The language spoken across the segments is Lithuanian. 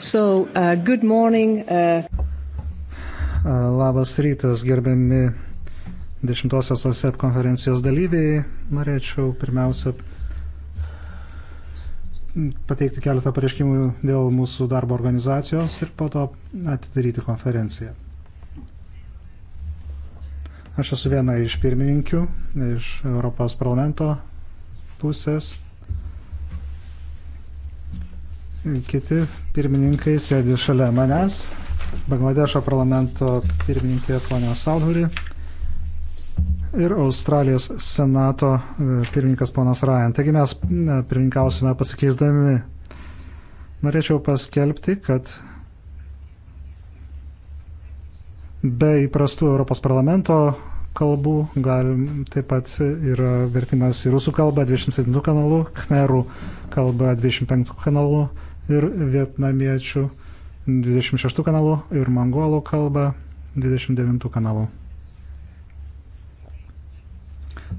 So, uh, good morning. Uh... uh labas rytas, gerbiami 10-osios ASEP konferencijos dalyviai. Norėčiau pirmiausia pateikti keletą pareiškimų dėl mūsų darbo organizacijos ir po to atidaryti konferenciją. Aš esu viena iš pirmininkių iš Europos parlamento pusės kiti pirmininkai sėdi šalia manęs. Bangladešo parlamento pirmininkė ponia Saudhuri ir Australijos senato e, pirmininkas ponas Ryan. Taigi mes e, pirmininkausime pasikeisdami. Norėčiau paskelbti, kad be įprastų Europos parlamento kalbų, galim, taip pat yra vertimas į rusų kalbą 27 kanalų, khmerų kalbą 25 kanalų, ir vietnamiečių 26 kanalų ir mongolų kalbą 29 kanalų.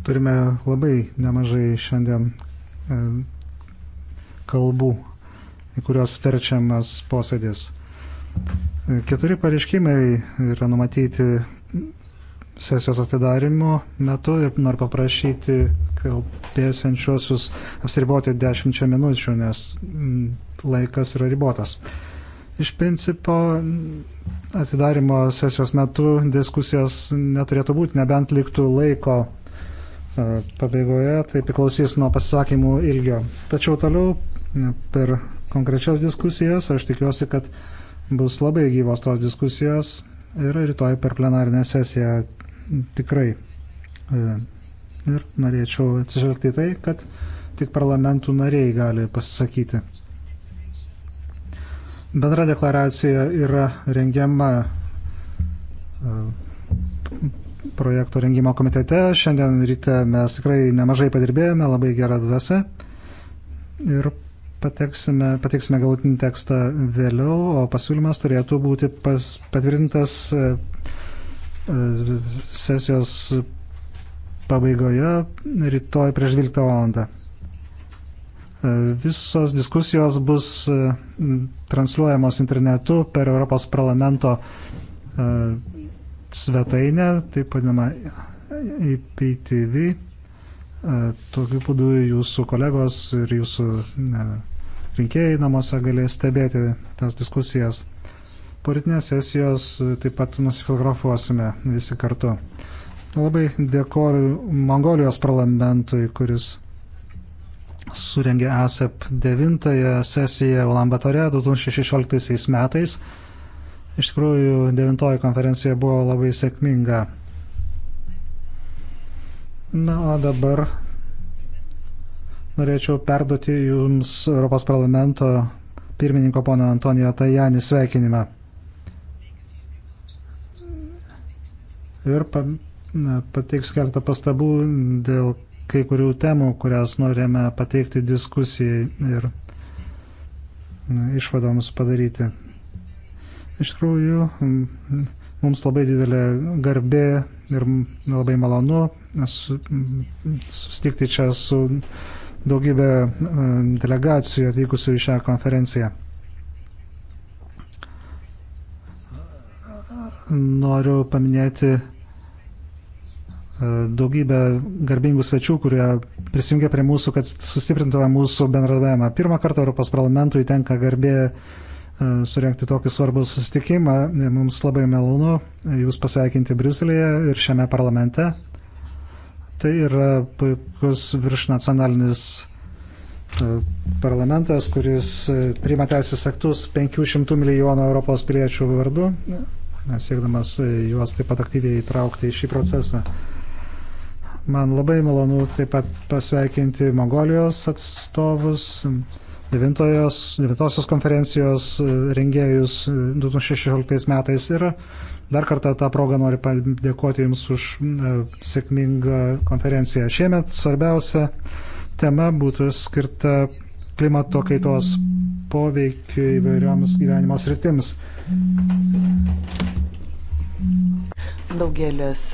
Turime labai nemažai šiandien e, kalbų, į kuriuos verčiamas posėdis. E, keturi pareiškimai yra numatyti sesijos atidarimo metu ir noriu paprašyti kalbėsiančiosius apsiriboti dešimčia minučių, nes mm, laikas yra ribotas. Iš principo atidarimo sesijos metu diskusijos neturėtų būti, nebent liktų laiko e, pabaigoje, tai priklausys nuo pasisakymų ilgio. Tačiau toliau per konkrečias diskusijas aš tikiuosi, kad bus labai gyvos tos diskusijos ir rytoj per plenarinę sesiją tikrai. E, ir norėčiau atsižvelgti tai, kad tik parlamentų nariai gali pasisakyti. Bendra deklaracija yra rengiama e, projekto rengimo komitete. Šiandien ryte mes tikrai nemažai padirbėjome, labai gerą dvasę. Ir pateksime, pateiksime galutinį tekstą vėliau, o pasiūlymas turėtų būti pas, patvirtintas e, sesijos pabaigoje, rytoj prieš 12 valandą. Visos diskusijos bus e, transliuojamos internetu per Europos parlamento e, svetainę, taip vadinamą IPTV. E, tokiu būdu jūsų kolegos ir jūsų rinkėjai namuose galės stebėti tas diskusijas politinės sesijos taip pat nusifotografuosime visi kartu. Labai dėkoju Mongolijos parlamentui, kuris surengė ASEP 9 sesiją Ulambatore 2016 metais. Iš tikrųjų, 9 konferencija buvo labai sėkminga. Na, o dabar norėčiau perduoti Jums Europos parlamento pirmininko pono Antonijo Tajanį sveikinimą. ir pa, na, pateiksiu keletą pastabų dėl kai kurių temų, kurias norėjome pateikti diskusijai ir na, išvadoms padaryti. Iš tikrųjų, mums labai didelė garbė ir labai malonu susitikti čia su daugybė e, delegacijų atvykusių į šią konferenciją. noriu paminėti e, daugybę garbingų svečių, kurie prisijungia prie mūsų, kad sustiprintume mūsų bendradavimą. Pirmą kartą Europos parlamentui tenka garbė e, surenkti tokį svarbų susitikimą. Mums labai malonu jūs pasveikinti Briuselėje ir šiame parlamente. Tai yra puikus viršnacionalinis e, parlamentas, kuris priima teisės aktus 500 milijonų Europos piliečių vardu siekdamas e, juos taip pat aktyviai įtraukti į šį procesą. Man labai malonu taip pat pasveikinti Mongolijos atstovus, 9 konferencijos e, rengėjus 2016 e, metais ir dar kartą tą progą noriu padėkoti Jums už sėkmingą konferenciją. Šiemet svarbiausia tema būtų skirta klimato kaitos poveikiu įvairioms gyvenimo sritims. Daugelis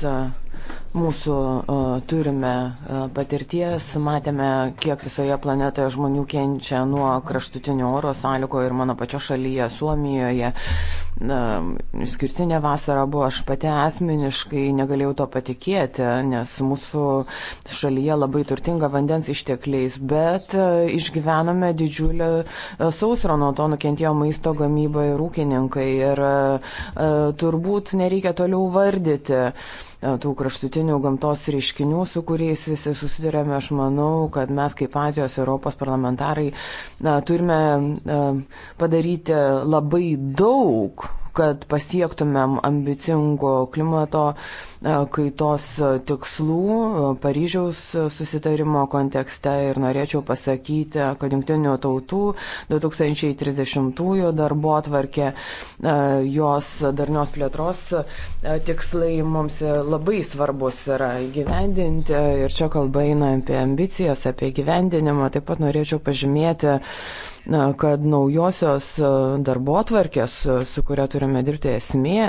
mūsų e, turime e, patirties, matėme, kiek visoje planetoje žmonių kenčia nuo kraštutinių oro sąlygų ir mano pačio šalyje, Suomijoje. Išskirtinė vasara buvo, aš pati asmeniškai negalėjau to patikėti, nes mūsų šalyje labai turtinga vandens ištekliais, bet e, išgyvename didžiulę sausrą, nuo to nukentėjo maisto gamyba ir ūkininkai ir turbūt nereikia toliau vardyti. E, tų kraštutinių gamtos reiškinių, su kuriais visi susidurėme. Aš manau, kad mes kaip Azijos Europos parlamentarai na, turime e, padaryti labai daug kad pasiektumėm ambicingo klimato kaitos tikslų Paryžiaus susitarimo kontekste ir norėčiau pasakyti, kad jungtinių tautų 2030-ųjų darbo atvarkė jos darnios plėtros tikslai mums labai svarbus yra įgyvendinti ir čia kalba eina apie ambicijas, apie gyvendinimą. Taip pat norėčiau pažymėti, kad naujosios e, darbo atvarkės, e, su kuria turime dirbti esmė,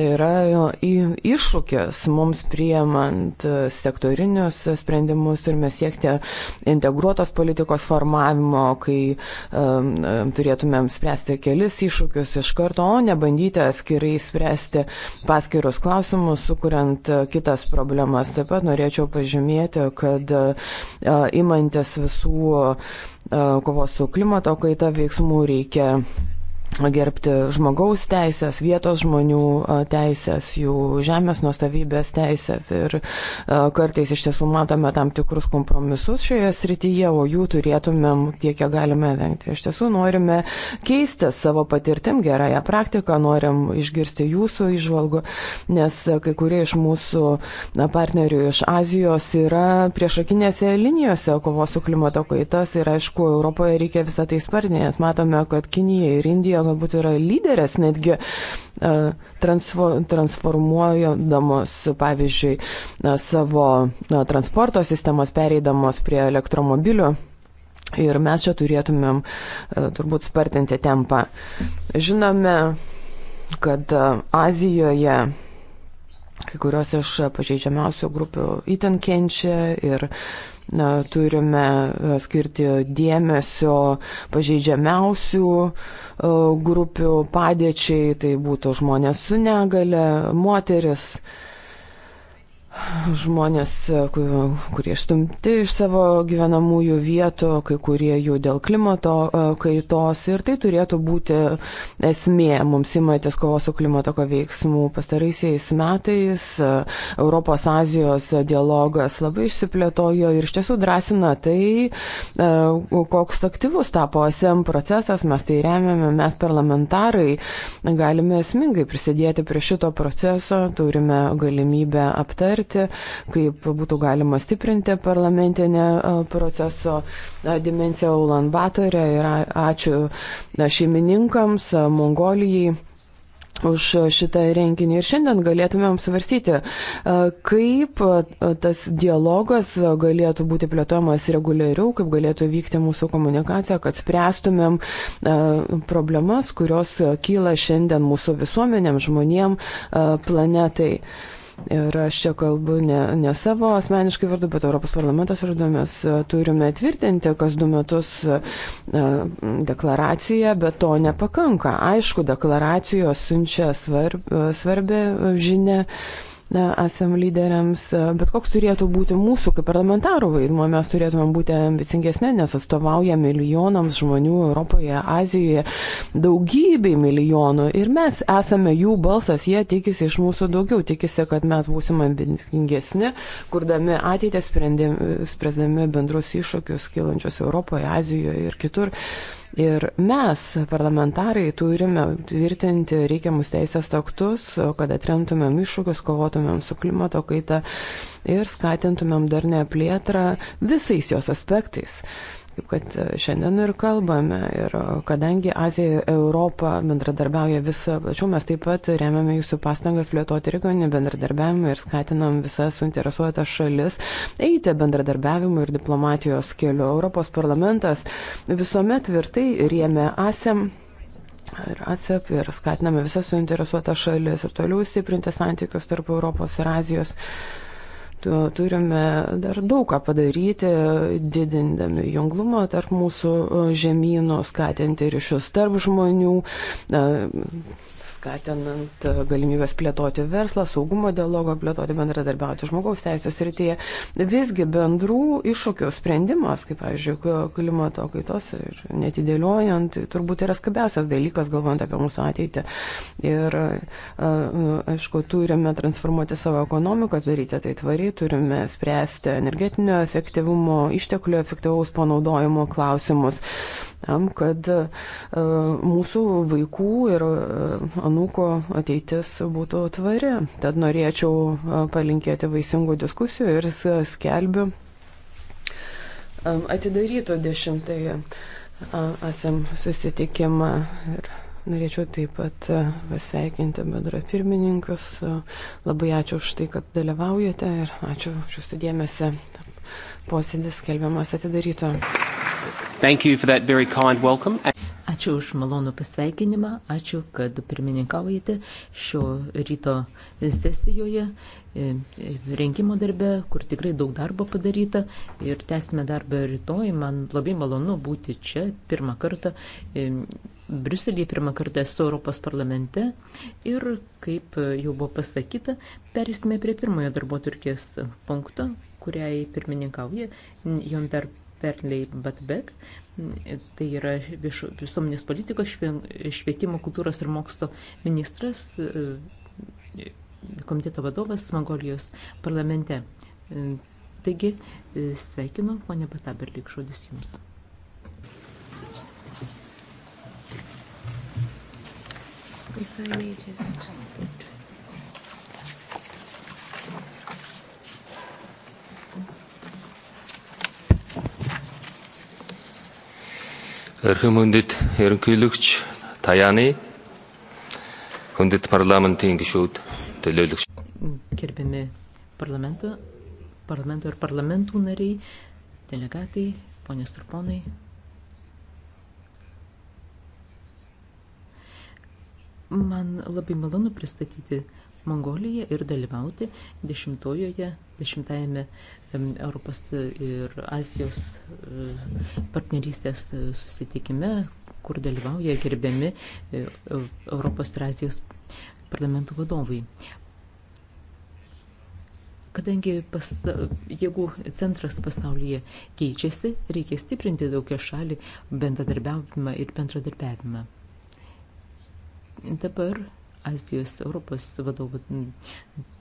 yra iššūkis mums priemant e, sektorinius sprendimus, turime siekti integruotos politikos formavimo, kai um, turėtumėm spręsti kelis iššūkius iš karto, o ne bandyti atskirai spręsti paskirus klausimus, sukuriant kitas problemas. Taip pat norėčiau pažymėti, kad uh, imantis visų uh, kovos su klimato kaita veiksmų, reikia gerbti žmogaus teisės, vietos žmonių teisės, jų žemės nuosavybės teisės ir kartais iš tiesų matome tam tikrus kompromisus šioje srityje, o jų turėtumėm tiek, kiek galime vengti. Iš tiesų norime keisti savo patirtim gerąją praktiką, norim išgirsti jūsų išvalgų, nes kai kurie iš mūsų partnerių iš Azijos yra priešakinėse linijose kovos su klimato kaitas ir aišku, Europoje reikia visą tai spartinti, nes matome, kad Kinija ir Indija galbūt yra lyderės netgi e, transformuojamos, pavyzdžiui, e, savo e, transporto sistemas, pereidamos prie elektromobilių. Ir mes čia turėtumėm turbūt spartinti tempą. Žinome, kad Azijoje kai kurios iš pažeidžiamiausių grupių įtin kenčia ir uh, turime e, skirti dėmesio pažeidžiamiausių e, grupių padėčiai, tai būtų žmonės su negale, moteris, žmonės, e, kurie išstumti iš savo gyvenamųjų vietų, kai kurie jų dėl klimato e, kaitos ir tai turėtų būti esmė. Mums įmatės kovos su klimato ko veiksmų pastaraisiais metais, e, Europos-Azijos dialogas labai išsiplėtojo ir iš tiesų drąsina tai, koks aktyvus tapo SM procesas, mes tai remiame, mes parlamentarai galime esmingai prisidėti prie šito proceso, turime galimybę aptarti svarstyti, kaip būtų galima stiprinti parlamentinę e, proceso e, dimenciją Ulanbatorė ir ačiū e, šeimininkams, Mongolijai už šitą renginį. Ir šiandien galėtumėm svarstyti, kaip tas dialogas galėtų būti plėtojamas reguliariau, kaip galėtų vykti mūsų komunikacija, kad spręstumėm problemas, kurios kyla šiandien mūsų visuomenėm, žmonėm, planetai. Ir aš čia kalbu ne, ne savo asmeniškai vardu, bet Europos parlamentas vardu mes e, turime tvirtinti kas du metus e, deklaraciją, bet to nepakanka. Aišku, deklaracijos siunčia svarb, e, svarbę žinę esam lyderiams, bet koks turėtų būti mūsų kaip parlamentarų vaidmuo, mes turėtume būti ambicingesnė, nes atstovauja milijonams žmonių Europoje, Azijoje, daugybei milijonų ir mes esame jų balsas, jie tikisi iš mūsų daugiau, tikisi, kad mes būsime ambicingesni, kurdami ateitį, spręsdami bendrus iššūkius kilančius Europoje, Azijoje ir kitur. Ir mes, parlamentarai, turime tvirtinti reikiamus teisės aktus, kad atremtumėm iššūkius, kovotumėm su klimato kaita ir skatintumėm dar neplėtrą visais jos aspektais kaip kad e, šiandien ir kalbame. Ir e, kadangi Azija ir Europa bendradarbiauja visą plačiau, e, mes taip pat remiame jūsų pastangas plėtoti regioninį bendradarbiavimą ir skatinam visas suinteresuotas šalis eiti bendradarbiavimo ir diplomatijos keliu. Europos parlamentas visuomet tvirtai rėmė ASEM ir ACEP ir skatiname visas suinteresuotas šalis ir toliau stiprinti santykius tarp Europos ir Azijos. Uh, turime dar daug ką padaryti, didindami junglumą tarp mūsų e, žemynų, skatinti ryšius tarp žmonių, e, skatinant e, galimybės plėtoti verslą, saugumo dialogą, plėtoti bendradarbiauti žmogaus teisės rytyje. Visgi bendrų iššūkių sprendimas, kaip, pavyzdžiui, klimato kaitos ir netidėliojant, turbūt yra skabiausias dalykas, galvojant apie mūsų ateitį. Ir, e, aišku, turime transformuoti savo ekonomiką, daryti tai tvariai, turime spręsti energetinio efektyvumo, išteklių efektyvaus panaudojimo klausimus tam, kad e, mūsų vaikų ir e, anūko ateitis būtų tvari. Tad norėčiau e, palinkėti vaisingų diskusijų ir skelbiu atidaryto dešimtąją esam susitikimą. Ir norėčiau taip pat pasveikinti bendra pirmininkus. Labai ačiū už tai, kad dalyvaujate ir ačiū už jūsų dėmesį. Posėdis skelbiamas atidaryto. Ačiū už malonų pasveikinimą, ačiū, kad pirmininkaujate šio ryto sesijoje, e, rengimo darbe, kur tikrai daug darbo padaryta ir tęsime darbą rytoj. Man labai malonu būti čia pirmą kartą, e, Briuselėje pirmą kartą esu Europos parlamente ir, kaip jau buvo pasakyta, perėsime prie pirmojo darbo turkės punkto, kuriai pirmininkauja Jontar Perlei Batbek. Tai yra visuomenės politikos, švietimo, kultūros ir mokslo ministras, e, komiteto vadovas Mongolijos parlamente. Taigi, sveikinu, ponė Bataberlik, žodis jums. If I may just... Эрхэм хүндэт ерөнхийлөгч Таяны, хүндэт парламентийн гишүүд, төлөөлөгч. Gerbiami parlamento, parlamento ir parlamentų nariai, delegatai, ponios ir ponai. Man labai malonu pristatyti Mongoliją ir dalyvauti 10-ame Europos ir Azijos e, partnerystės e, susitikime, kur dalyvauja gerbiami e, Europos ir Azijos parlamentų vadovai. Kadangi pas, jeigu centras pasaulyje keičiasi, reikia stiprinti daugia šalį bendradarbiavimą ir bendradarbiavimą. Dabar Azijos Europos vadovų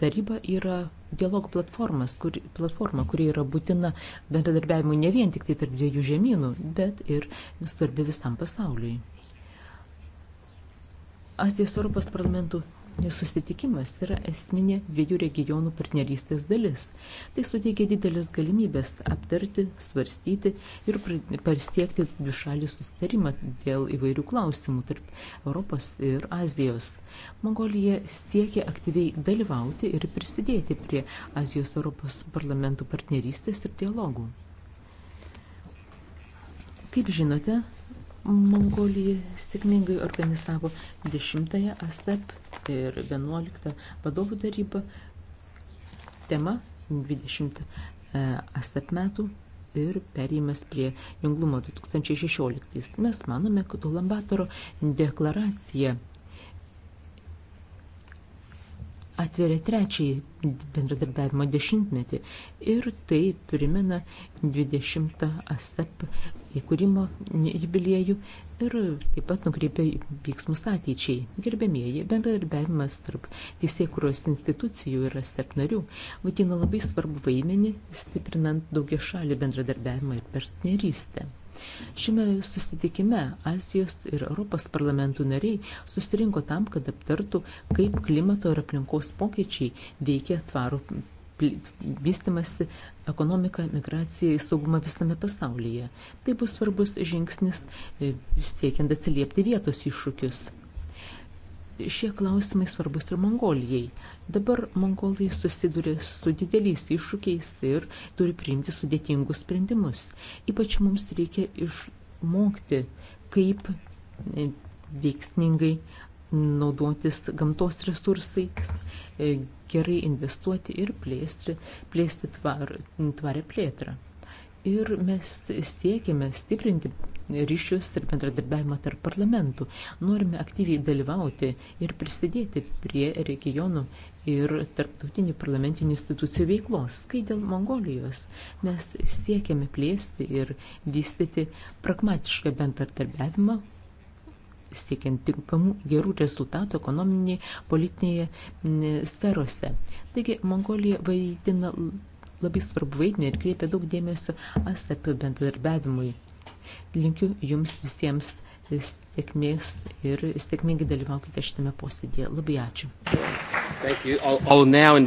taryba yra dialogo platformas, kur, platforma, kuri yra būtina bendradarbiavimui ne vien tik tai tarp dviejų žemynų, bet ir svarbi visam pasauliui. Azijos Europos parlamentų Susitikimas yra esminė dviejų regionų partnerystės dalis. Tai suteikia didelės galimybės aptarti, svarstyti ir pasiekti dvišalį susitarimą dėl įvairių klausimų tarp Europos ir Azijos. Mongolija siekia aktyviai dalyvauti ir prisidėti prie Azijos Europos parlamentų partnerystės ir dialogų. Kaip žinote, Mongolija sėkmingai organizavo 10-ąją ASEP ir 11-ą vadovų tarybą. Tema 20 e, ASEP metų ir perėjimas prie junglumo 2016. Mes manome, kad Ulambatoro deklaracija atveria trečiąjį bendradarbiavimo dešimtmetį ir tai primena 20 ASEP įkūrimo jubiliejų ir taip pat nukreipia vyksmus ateičiai. Gerbėmieji, bendradarbiavimas tarp teisėkuros institucijų ir ASEP narių vadina labai svarbu vaidmenį, stiprinant daugia šalių bendradarbiavimą ir partnerystę. Šiame susitikime Azijos ir Europos parlamentų nariai susirinko tam, kad aptartų, kaip klimato ir aplinkos pokyčiai veikia tvarų vystimasi ekonomiką, migraciją, saugumą visame pasaulyje. Tai bus svarbus žingsnis e, siekiant atsiliepti vietos iššūkius. Šie klausimai svarbus ir Mongolijai. Dabar mongolai susiduria su dideliais iššūkiais ir turi priimti sudėtingus sprendimus. Ypač mums reikia išmokti, kaip e, veiksmingai naudotis gamtos resursais, e, gerai investuoti ir plėsti, plėsti tvar, tvarę plėtrą. Ir mes siekime stiprinti ryšius ir bendradarbiavimą tarp parlamentų. Norime aktyviai dalyvauti ir prisidėti prie regionų ir tarptautinių parlamentinių institucijų veiklos. Kai dėl Mongolijos mes siekiame plėsti ir vystyti pragmatišką bendradarbiavimą, siekiant tinkamų gerų rezultatų ekonominėje, politinėje sferose. Taigi Mongolija vaidina labai svarbu vaidmenį ir kreipia daug dėmesio ASEP bendradarbiavimui. Linkiu jums visiems sėkmės ir sėkmingai dalyvaukite šitame posėdėje. Labai ačiū. I'll, I'll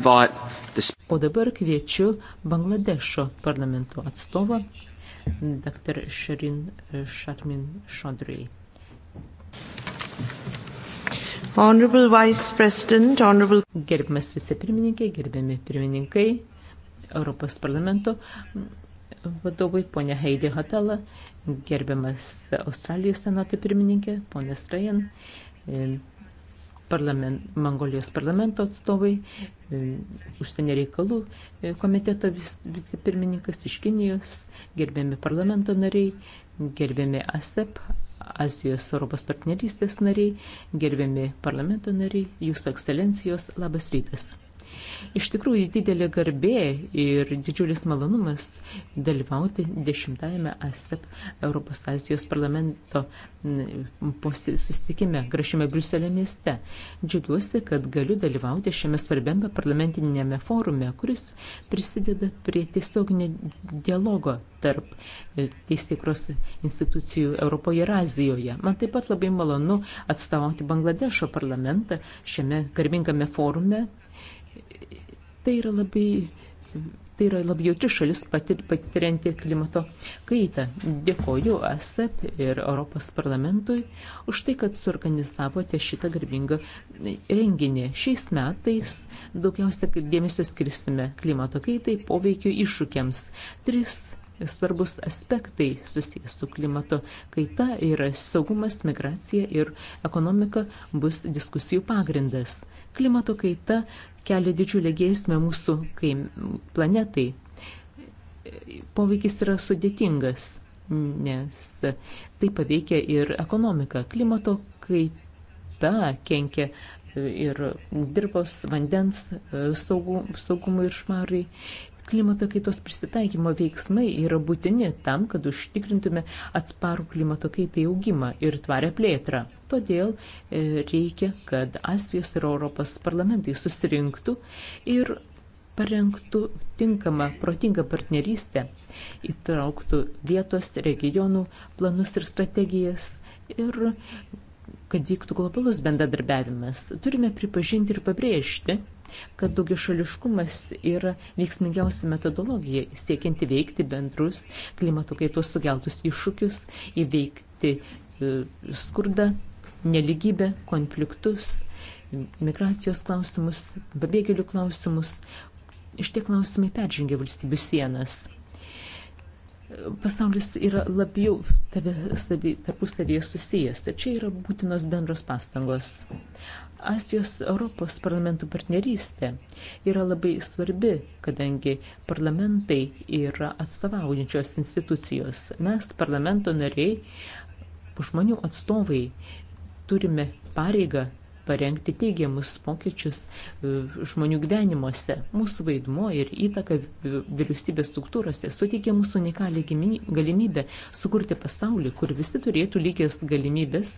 this... O dabar kviečiu Bangladešo parlamento atstovą, dr. Sharin Sharmin Chaudhry. Honorable Vice President, Honorable... Gerbimas vicepirmininkai, gerbiami pirmininkai, Europos parlamento vadovai, ponia Heidi Hatala, gerbiamas Australijos senato pirmininkė, ponas Rajan, e, parlament, Mongolijos parlamento atstovai, e, užsienio reikalų e, komiteto vicepirmininkas iš Kinijos, gerbiami parlamento nariai, gerbiami ASEP, Azijos Europos partnerystės nariai, gerbiami parlamento nariai, jūsų ekscelencijos, labas rytas. Iš tikrųjų didelė garbė ir didžiulis malonumas dalyvauti 10-ame ASEP Europos Azijos parlamento mm, susitikime gražiame Briuselio mieste. Džiaugiuosi, kad galiu dalyvauti šiame svarbiame parlamentinėme forume, kuris prisideda prie tiesioginio dialogo tarp e, teistikros institucijų Europoje ir Azijoje. Man taip pat labai malonu atstovauti Bangladešo parlamentą šiame garbingame forume Tai yra labai tai yra labai jautri šalis patirianti klimato kaitą. Dėkoju ASEP ir Europos parlamentui už tai, kad suorganizavote šitą garbingą renginį. Šiais metais daugiausia dėmesio skirsime klimato kaitai, poveikio iššūkiams. Tris svarbus aspektai susijęs su klimato kaita yra saugumas, migracija ir ekonomika bus diskusijų pagrindas. Klimato kaita kelia didžiulę grėsmę mūsų kaim, planetai. Poveikis yra sudėtingas, nes tai paveikia ir ekonomiką. Klimato kaita kenkia ir dirbos vandens saugumui ir šmarai Klimato kaitos prisitaikymo veiksmai yra būtini tam, kad užtikrintume atsparų klimato kaitai augimą ir tvarę plėtrą. Todėl e, reikia, kad Asijos ir Europos parlamentai susirinktų ir parengtų tinkamą, protingą partnerystę, įtrauktų vietos, regionų planus ir strategijas ir kad vyktų globalus bendradarbiavimas. Turime pripažinti ir pabrėžti, kad daugiašališkumas yra veiksmingiausia metodologija siekianti veikti bendrus klimato kaitos sugeltus iššūkius, įveikti e, skurdą, neligybę, konfliktus, migracijos klausimus, pabėgėlių klausimus. Šitie klausimai peržengia valstybių sienas pasaulis yra labiau tarpusavėje susijęs. Čia yra būtinos bendros pastangos. Azijos Europos parlamentų partnerystė yra labai svarbi, kadangi parlamentai yra atstovaujančios institucijos. Mes, parlamento nariai, žmonių atstovai, turime pareigą parengti teigiamus pokyčius e, žmonių gyvenimuose. Mūsų vaidmo ir įtaka vyriausybės struktūrose suteikia mūsų unikalią galimybę sukurti pasaulį, kur visi turėtų lygias galimybės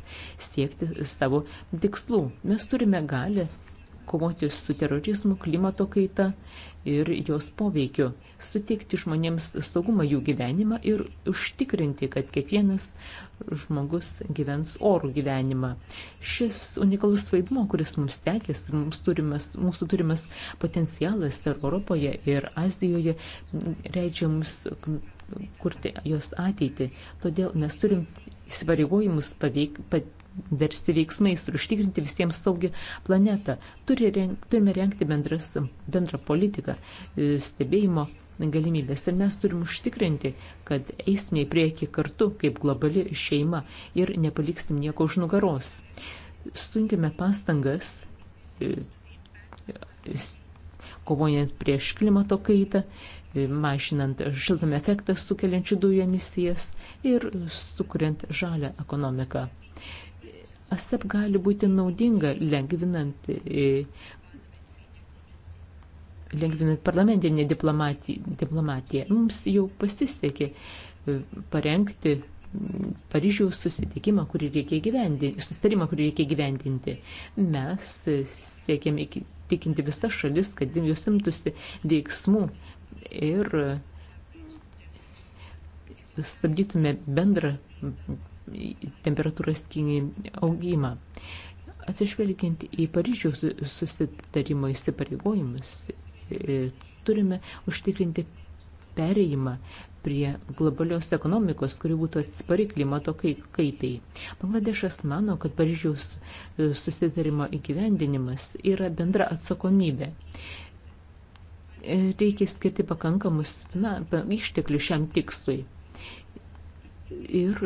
siekti savo tikslų. Mes turime galę kovoti su terorizmu, klimato kaita, ir jos poveikiu, suteikti žmonėms saugumą jų gyvenimą ir užtikrinti, kad kiekvienas žmogus gyvens orų gyvenimą. Šis unikalus vaidmo, kuris mums tekės ir mums turimas, mūsų turimas potencialas ir Europoje, ir Azijoje, leidžia mums kurti jos ateitį. Todėl mes turim įsivarygojimus paveik, pat, versti veiksmais ir užtikrinti visiems saugią planetą. Turi renk, turime renkti bendras, bendrą politiką, e, stebėjimo galimybės ir mes turim užtikrinti, kad eisime į priekį kartu kaip globali šeima ir nepaliksim nieko už nugaros. Sunkime pastangas e, kovojant prieš klimato kaitą, e, mažinant šiltame efektą sukeliančių dujų emisijas ir sukuriant žalę ekonomiką. ASEP gali būti naudinga lengvinant, e, lengvinant parlamentinę diplomatiją. Mums jau pasisekė e, parengti Paryžiaus susitikimą, kurį reikia gyvendinti, susitarimą, kurį reikia gyvendinti. Mes siekiame tikinti visas šalis, kad jos imtųsi veiksmų ir stabdytume bendrą temperatūros Kinijai augimą. Atsižvelgiant į Paryžiaus susitarimo įsipareigojimus, e, turime užtikrinti perėjimą prie globalios ekonomikos, kuri būtų atspari klimato kaitai. Bangladešas mano, kad Paryžiaus e, susitarimo įgyvendinimas yra bendra atsakomybė. E, reikia skirti pakankamus na, išteklių šiam tikslui ir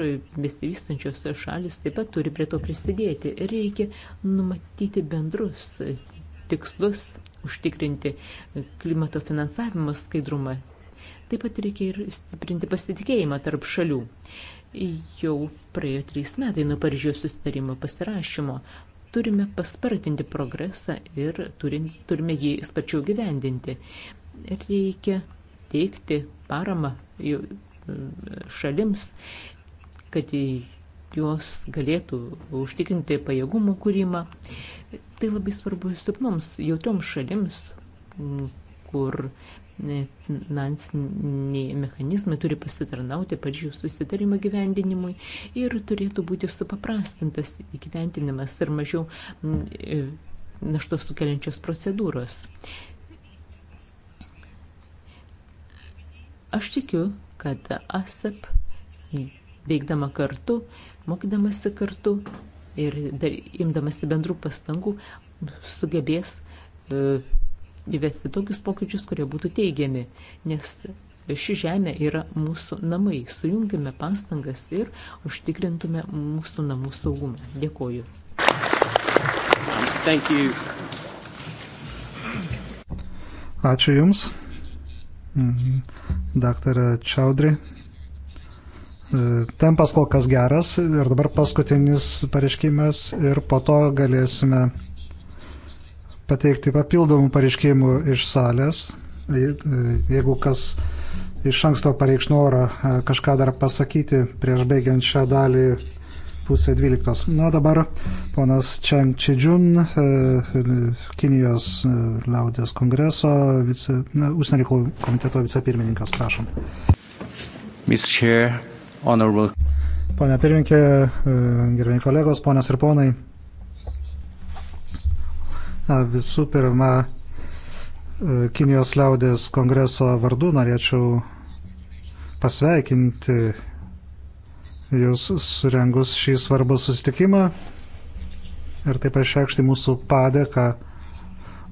besivystančios šalis taip pat turi prie to prisidėti. Reikia numatyti bendrus tikslus, užtikrinti klimato finansavimo skaidrumą. Taip pat reikia ir stiprinti pasitikėjimą tarp šalių. Jau praėjo trys metai nuo Paryžiaus susitarimo pasirašymo. Turime paspartinti progresą ir turime jį sparčiau gyvendinti. Reikia teikti paramą šalims, kad jos galėtų užtikrinti pajėgumų kūrimą. Tai labai svarbu silpnoms, jautrioms šalims, kur finansiniai mechanizmai turi pasitarnauti Paryžiaus susitarimo gyvendinimui ir turėtų būti supaprastintas įgyvendinimas ir mažiau e, naštos sukeliančios procedūros. Aš tikiu, kad ASAP veikdama kartu, mokydamasi kartu ir dar, imdamasi bendrų pastangų sugebės e, įvesti tokius pokyčius, kurie būtų teigiami, nes ši žemė yra mūsų namai. Sujungime pastangas ir užtikrintume mūsų namų saugumą. Dėkoju. Ačiū Jums. Mhm. daktarą Čiaudrį. E, tempas kol kas geras ir dabar paskutinis pareiškimas ir po to galėsime pateikti papildomų pareiškimų iš salės. E, e, jeigu kas iš anksto pareikš norą kažką dar pasakyti prieš baigiant šią dalį pusė dvyliktos. Na dabar ponas Čang Čidžun, e, Kinijos e, liaudės kongreso, vice, užsienio reikalų komiteto vicepirmininkas, prašom. Chair, honorable... Pone pirmininkė, e, gerbėjai kolegos, ponios ir ponai. Visų pirma, Kinijos liaudės kongreso vardu norėčiau pasveikinti jūs surengus šį svarbų susitikimą ir taip išreikšti mūsų padėką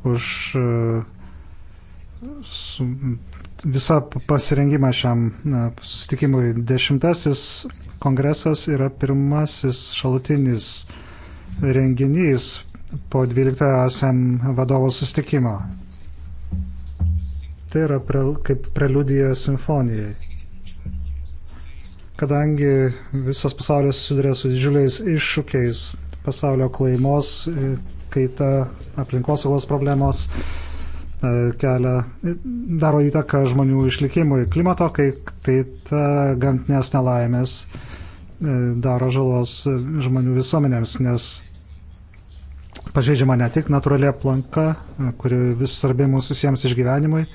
už e, visą pasirengimą šiam e, susitikimui. Dešimtasis kongresas yra pirmasis šalutinis renginys po 12 ASEM vadovo susitikimo. Tai yra pre, kaip preliudija simfonijai kadangi visas pasaulis susiduria su didžiuliais iššūkiais pasaulio klaimos, e, kaita, aplinkosaugos problemos e, kelia, e, daro įtaką žmonių išlikimui, klimato kaita, gamtinės nelaimės daro žalos žmonių visuomenėms, nes pažeidžiama ne tik natūrali aplanka, kuri vis svarbi mūsų visiems išgyvenimui,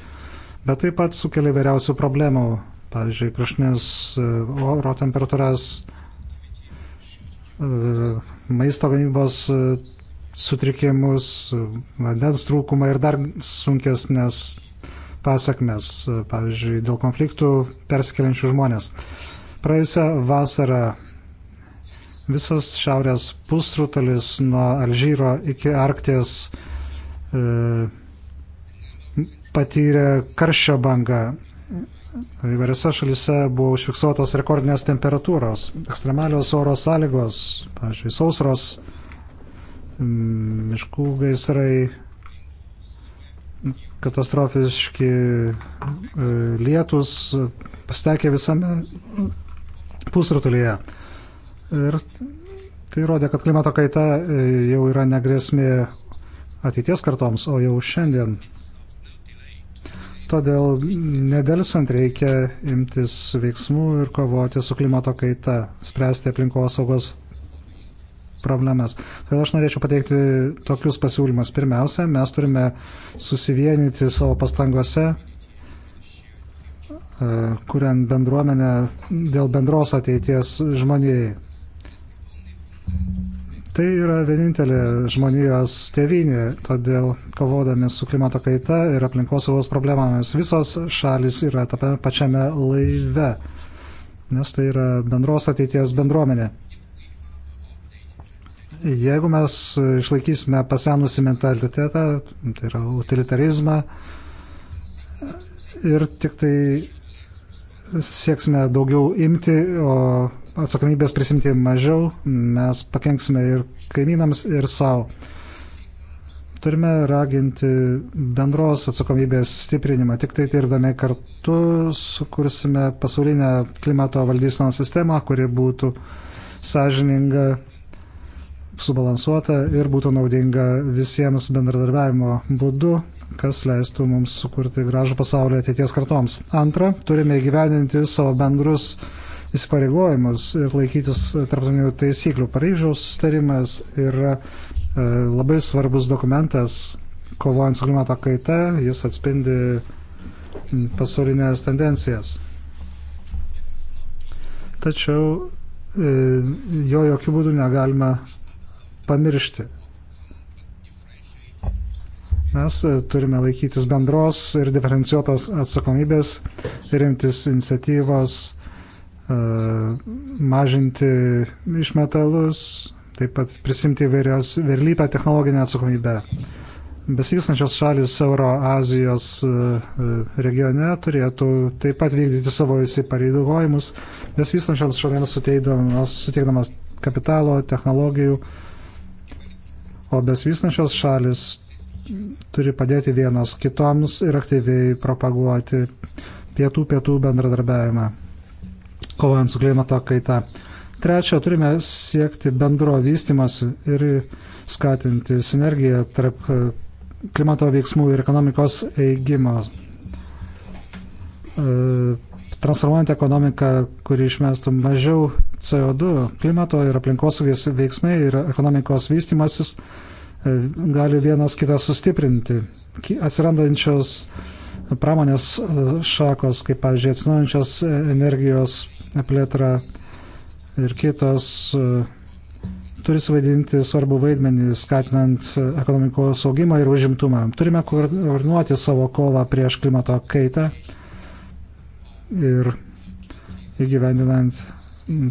bet taip pat sukelia vairiausių problemų pavyzdžiui, kraštinės oro temperatūras, e, maisto gamybos e, sutrikimus, vandens trūkumą ir dar sunkesnės pasakmes, e, pavyzdžiui, dėl konfliktų persikeliančių žmonės. Praėjusią vasarą visas šiaurės pusrutulis nuo Alžyro iki Arkties e, patyrė karščio bangą Įvairiose šalise buvo užfiksuotos rekordinės temperatūros, ekstremalios oro sąlygos, pavyzdžiui, sausros, miškų gaisrai, katastrofiški e, lietus pastekė visame pusrutulyje. Ir tai rodė, kad klimato kaita e, jau yra negresmė ateities kartoms, o jau šiandien Todėl nedelsant reikia imtis veiksmų ir kovoti su klimato kaita, spręsti aplinkosaugos problemas. Todėl aš norėčiau pateikti tokius pasiūlymus. Pirmiausia, mes turime susivienyti savo pastangose, e, kuriant bendruomenę dėl bendros ateities žmonijai. Tai yra vienintelė žmonijos tevinė, todėl kovodami su klimato kaita ir aplinkosaugos problemomis visos šalis yra tame pačiame laive, nes tai yra bendros ateities bendruomenė. Jeigu mes išlaikysime pasenusi mentalitetą, tai yra utilitarizmą, ir tik tai sieksime daugiau imti, o atsakomybės prisimti mažiau, mes pakenksime ir kaimynams, ir savo. Turime raginti bendros atsakomybės stiprinimą. Tik tai dirbdami kartu sukursime pasaulinę klimato valdysenos sistemą, kuri būtų sąžininga, subalansuota ir būtų naudinga visiems bendradarbiavimo būdu, kas leistų mums sukurti gražų pasaulį ateities kartoms. Antra, turime įgyvendinti savo bendrus įsipareigojimus ir laikytis tarptautinių taisyklių. Paryžiaus sustarimas yra e, labai svarbus dokumentas kovojant su klimato kaita, jis atspindi pasaulinės tendencijas. Tačiau e, jo jokių būdų negalima pamiršti. Mes e, turime laikytis bendros ir diferencijuotos atsakomybės, rimtis iniciatyvos E, mažinti išmetalus, taip pat prisimti įvairios verlypę technologinę atsakomybę. Besivystančios šalis Euroazijos e, e, regione turėtų taip pat vykdyti savo įsipareigojimus, besivystančioms šalims suteikdamas kapitalo, technologijų, o besivystančios šalis turi padėti vienos kitoms ir aktyviai propaguoti pietų-pietų bendradarbiavimą kovojant su klimato kaita. Trečia, turime siekti bendro vystimas ir skatinti sinergiją tarp e, klimato veiksmų ir ekonomikos eigimo. E, transformuojant ekonomiką, kuri išmestų mažiau CO2, klimato ir aplinkos veiksmai ir ekonomikos vystimasis e, gali vienas kitą sustiprinti. Atsirandančios pramonės e, šakos, kaip pavyzdžiui atsinaujančios e, energijos plėtra ir kitos, e, turi suvaidinti svarbu vaidmenį, skatinant ekonomikos augimą ir užimtumą. Turime koordinuoti savo kovą prieš klimato kaitą ir įgyvendinant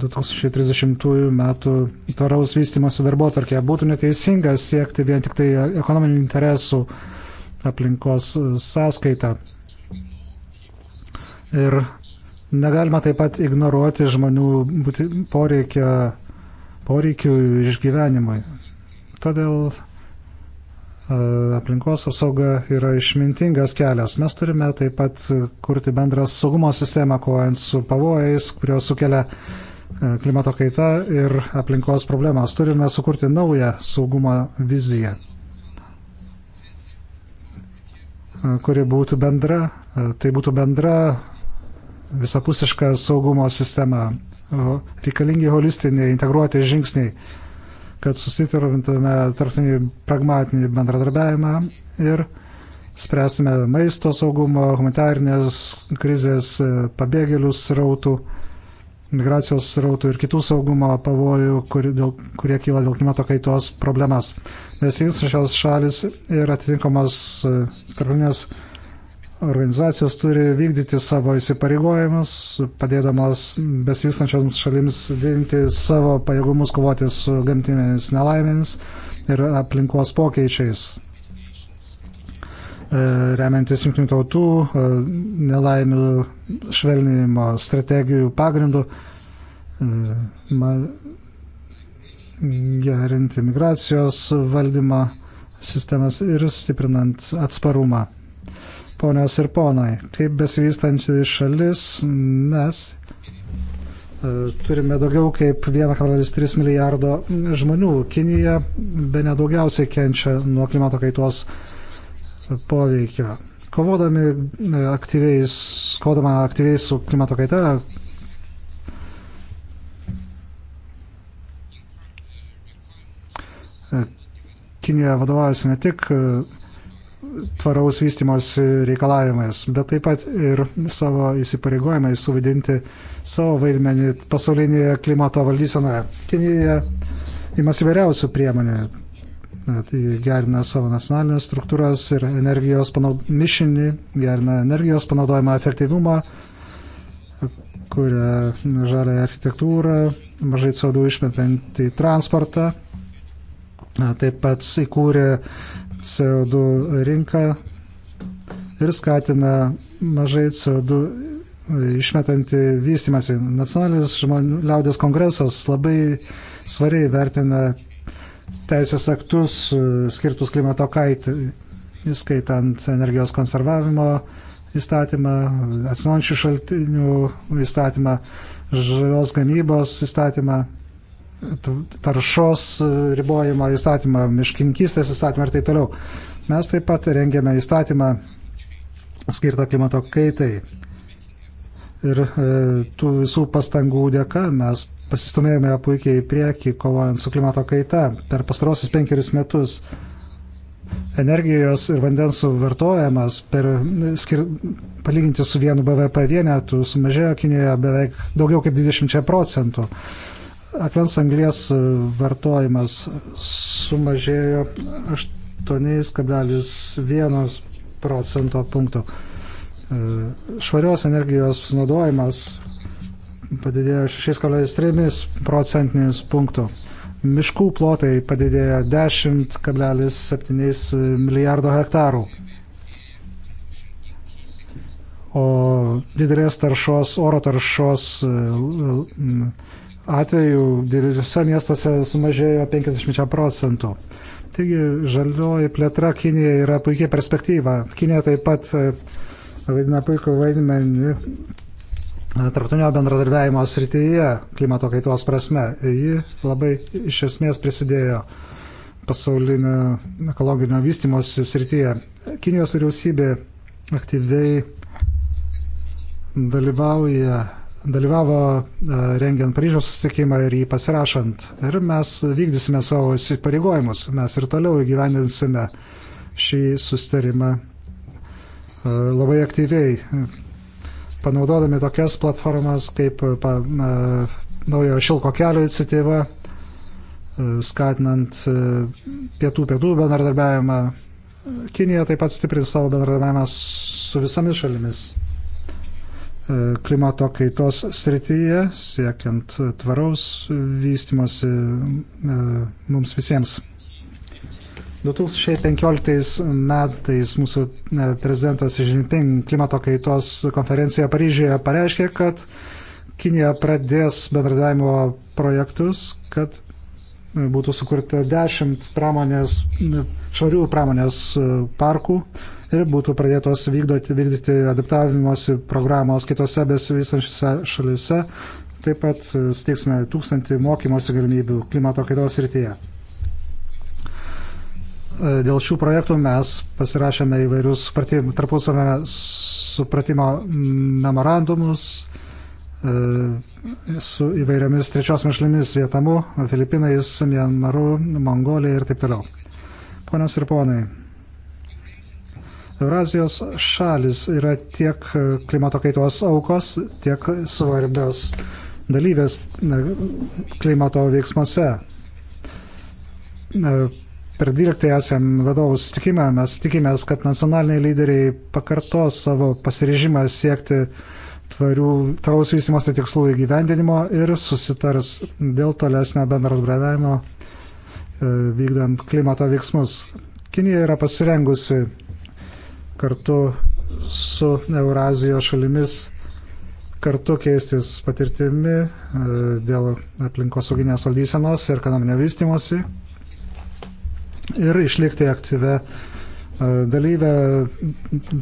2030 metų tvaraus vystimosi darbo tvarkė. Būtų neteisinga siekti vien tik tai ekonominių interesų aplinkos sąskaita. Ir negalima taip pat ignoruoti žmonių poreikio, poreikių išgyvenimui. Todėl e, aplinkos apsauga yra išmintingas kelias. Mes turime taip pat kurti bendrą saugumo sistemą, kovojant su pavojais, kurio sukelia e, klimato kaita ir aplinkos problemos. Turime sukurti naują saugumo viziją. kuri būtų bendra, tai būtų bendra visapusiška saugumo sistema, reikalingi holistiniai, integruoti žingsniai, kad susitirintume tarptinį pragmatinį bendradarbiavimą ir spręsime maisto saugumo, humanitarnės krizės, pabėgėlių srautų migracijos rautų ir kitų saugumo pavojų, kur, dėl, kurie kyla dėl klimato kaitos problemas. Nes jis šios šalis ir atitinkamos e, tarptautinės organizacijos turi vykdyti savo įsipareigojimus, padėdamos besivystančioms šalims didinti savo pajėgumus kovoti su gamtinėmis nelaimėmis ir aplinkos pokyčiais. E, remiantis jungtinių tautų e, nelaimių švelninimo strategijų pagrindų e, gerinti migracijos valdymo sistemas ir stiprinant atsparumą. Ponios ir ponai, kaip besivystanti šalis, mes turime daugiau kaip 1,3 milijardo žmonių. Kinija be nedaugiausiai kenčia nuo klimato kaitos poveikio. Kovodami e, aktyviai, kovodama aktyviai su klimato kaita, e, Kinija vadovaujasi ne tik e, tvaraus vystimosi reikalavimais, bet taip pat ir savo įsipareigojimais suvidinti savo vaidmenį pasaulinėje klimato valdysenoje. Kinija imasi vairiausių priemonių, Tai gerina savo nacionalinės struktūras ir energijos panaud... mišinį, gerina energijos panaudojimą efektyvumą, kuria žalia architektūra, mažai CO2 išmetantį transportą. Taip pat įkūrė CO2 rinką ir skatina mažai CO2 išmetantį vystimąsi. Nacionalinis žmonių liaudės kongresas labai svariai vertina teisės aktus e, skirtus klimato kaitai, įskaitant energijos konservavimo įstatymą, atsinaujančių šaltinių įstatymą, žalios gamybos įstatymą, taršos e, ribojimo įstatymą, miškinkystės įstatymą ir taip toliau. Mes taip pat rengėme įstatymą skirtą klimato kaitai. Ir e, tų visų pastangų dėka mes pasistumėjome puikiai į priekį, kovojant su klimato kaita. Per pastarosius penkerius metus energijos ir vandens suvartojimas per skir... palyginti su vienu BVP vienetu sumažėjo Kinijoje beveik daugiau kaip 20 procentų. Akvens anglės vartojimas sumažėjo 8,1 procento punktų. Švarios energijos sunaudojimas padidėjo 6,3 procentinius punktų. Miškų plotai padidėjo 10,7 milijardo hektarų. O didelės taršos, oro taršos e, atveju dideliuose miestuose sumažėjo 50 procentų. Taigi žalioji plėtra Kinėje yra puikia perspektyva. Kinė taip pat e, vaidina puikų vaidmenį tarptautinio bendradarbiavimo srityje klimato kaitos prasme. Ji labai iš esmės prisidėjo pasaulinio ekologinio vystimosi srityje. Kinijos vyriausybė aktyviai dalyvauja, dalyvavo e, rengiant Paryžiaus susitikimą ir jį pasirašant. Ir mes vykdysime savo įsipareigojimus. Mes ir toliau įgyvendinsime šį sustarimą e, labai aktyviai panaudodami tokias platformas kaip pa, na, naujo šilko kelio iniciatyva, e, skatinant pietų-pietų bendradarbiavimą. Kinija taip pat stiprins savo bendradarbiavimą su visomis šalimis e, klimato kaitos srityje, siekiant tvaraus vystimosi e, mums visiems. 2015 metais mūsų e, prezidentas Žinping klimato kaitos konferencijoje Paryžioje pareiškė, kad Kinija pradės bendradavimo projektus, kad e, būtų sukurta 10 pramonės, e, švarių pramonės parkų ir būtų pradėtos vykdoti, vykdyti adaptavimosi programos kitose besivystančiose šalise. Taip pat steiksime tūkstantį mokymosi galimybių klimato kaitos rytyje. E, dėl šių projektų mes pasirašėme įvairius tarpusavę supratimo memorandumus e, su įvairiomis trečiosiomis šalimis - Vietnamu, Filipinais, Mianmaru, Mongolija ir taip toliau. Ponios ir ponai, Eurazijos šalis yra tiek klimato kaitos aukos, tiek svarbios dalyvės e, klimato veiksmuose per 12-ąją vadovų sustikimą mes tikimės, kad nacionaliniai lyderiai pakartos savo pasirežimą siekti tvarių, tvaraus vystimosi tikslų įgyvendinimo ir susitars dėl tolesnio bendradarbiavimo e, vykdant klimato veiksmus. Kinija yra pasirengusi kartu su Eurazijos šalimis kartu keistis patirtimi e, dėl aplinkosauginės valdysenos ir ekonominio vystimosi ir išlikti aktyvę e, dalyvę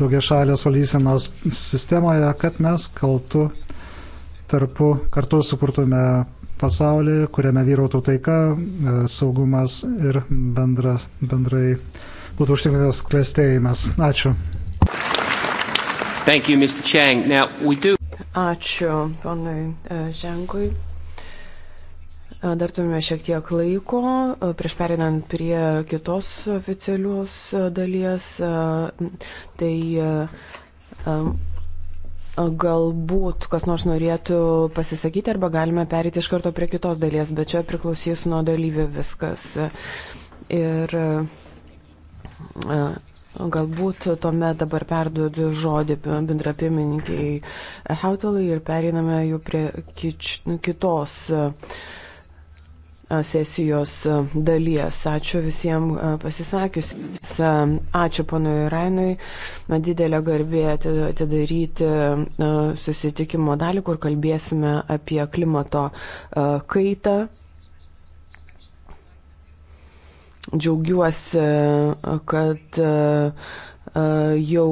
daugia šalės valdysenos sistemoje, kad mes kaltu tarpu kartu sukurtume pasaulį, kuriame vyrautų taika, e, saugumas ir bendra, bendrai būtų užtikrintas klėstėjimas. Ačiū. Thank you, Mr. Chang. Now, we do... Ačiū, ponui e, Žengui. Uh, Dar turime šiek tiek laiko, prieš perinant prie kitos oficialios dalies. Tai galbūt kas nors norėtų pasisakyti arba galime perėti iš karto prie kitos dalies, bet čia priklausys nuo dalyvių viskas. Ir galbūt tuomet dabar perduodu žodį bendrapirmininkiai Hautalai ir pereiname jau prie kič, kitos. Uh, sesijos dalies. Ačiū visiems pasisakius. Ačiū panui Rainui. Man didelė garbė atidaryti susitikimo dalį, kur kalbėsime apie klimato kaitą. Džiaugiuosi, kad jau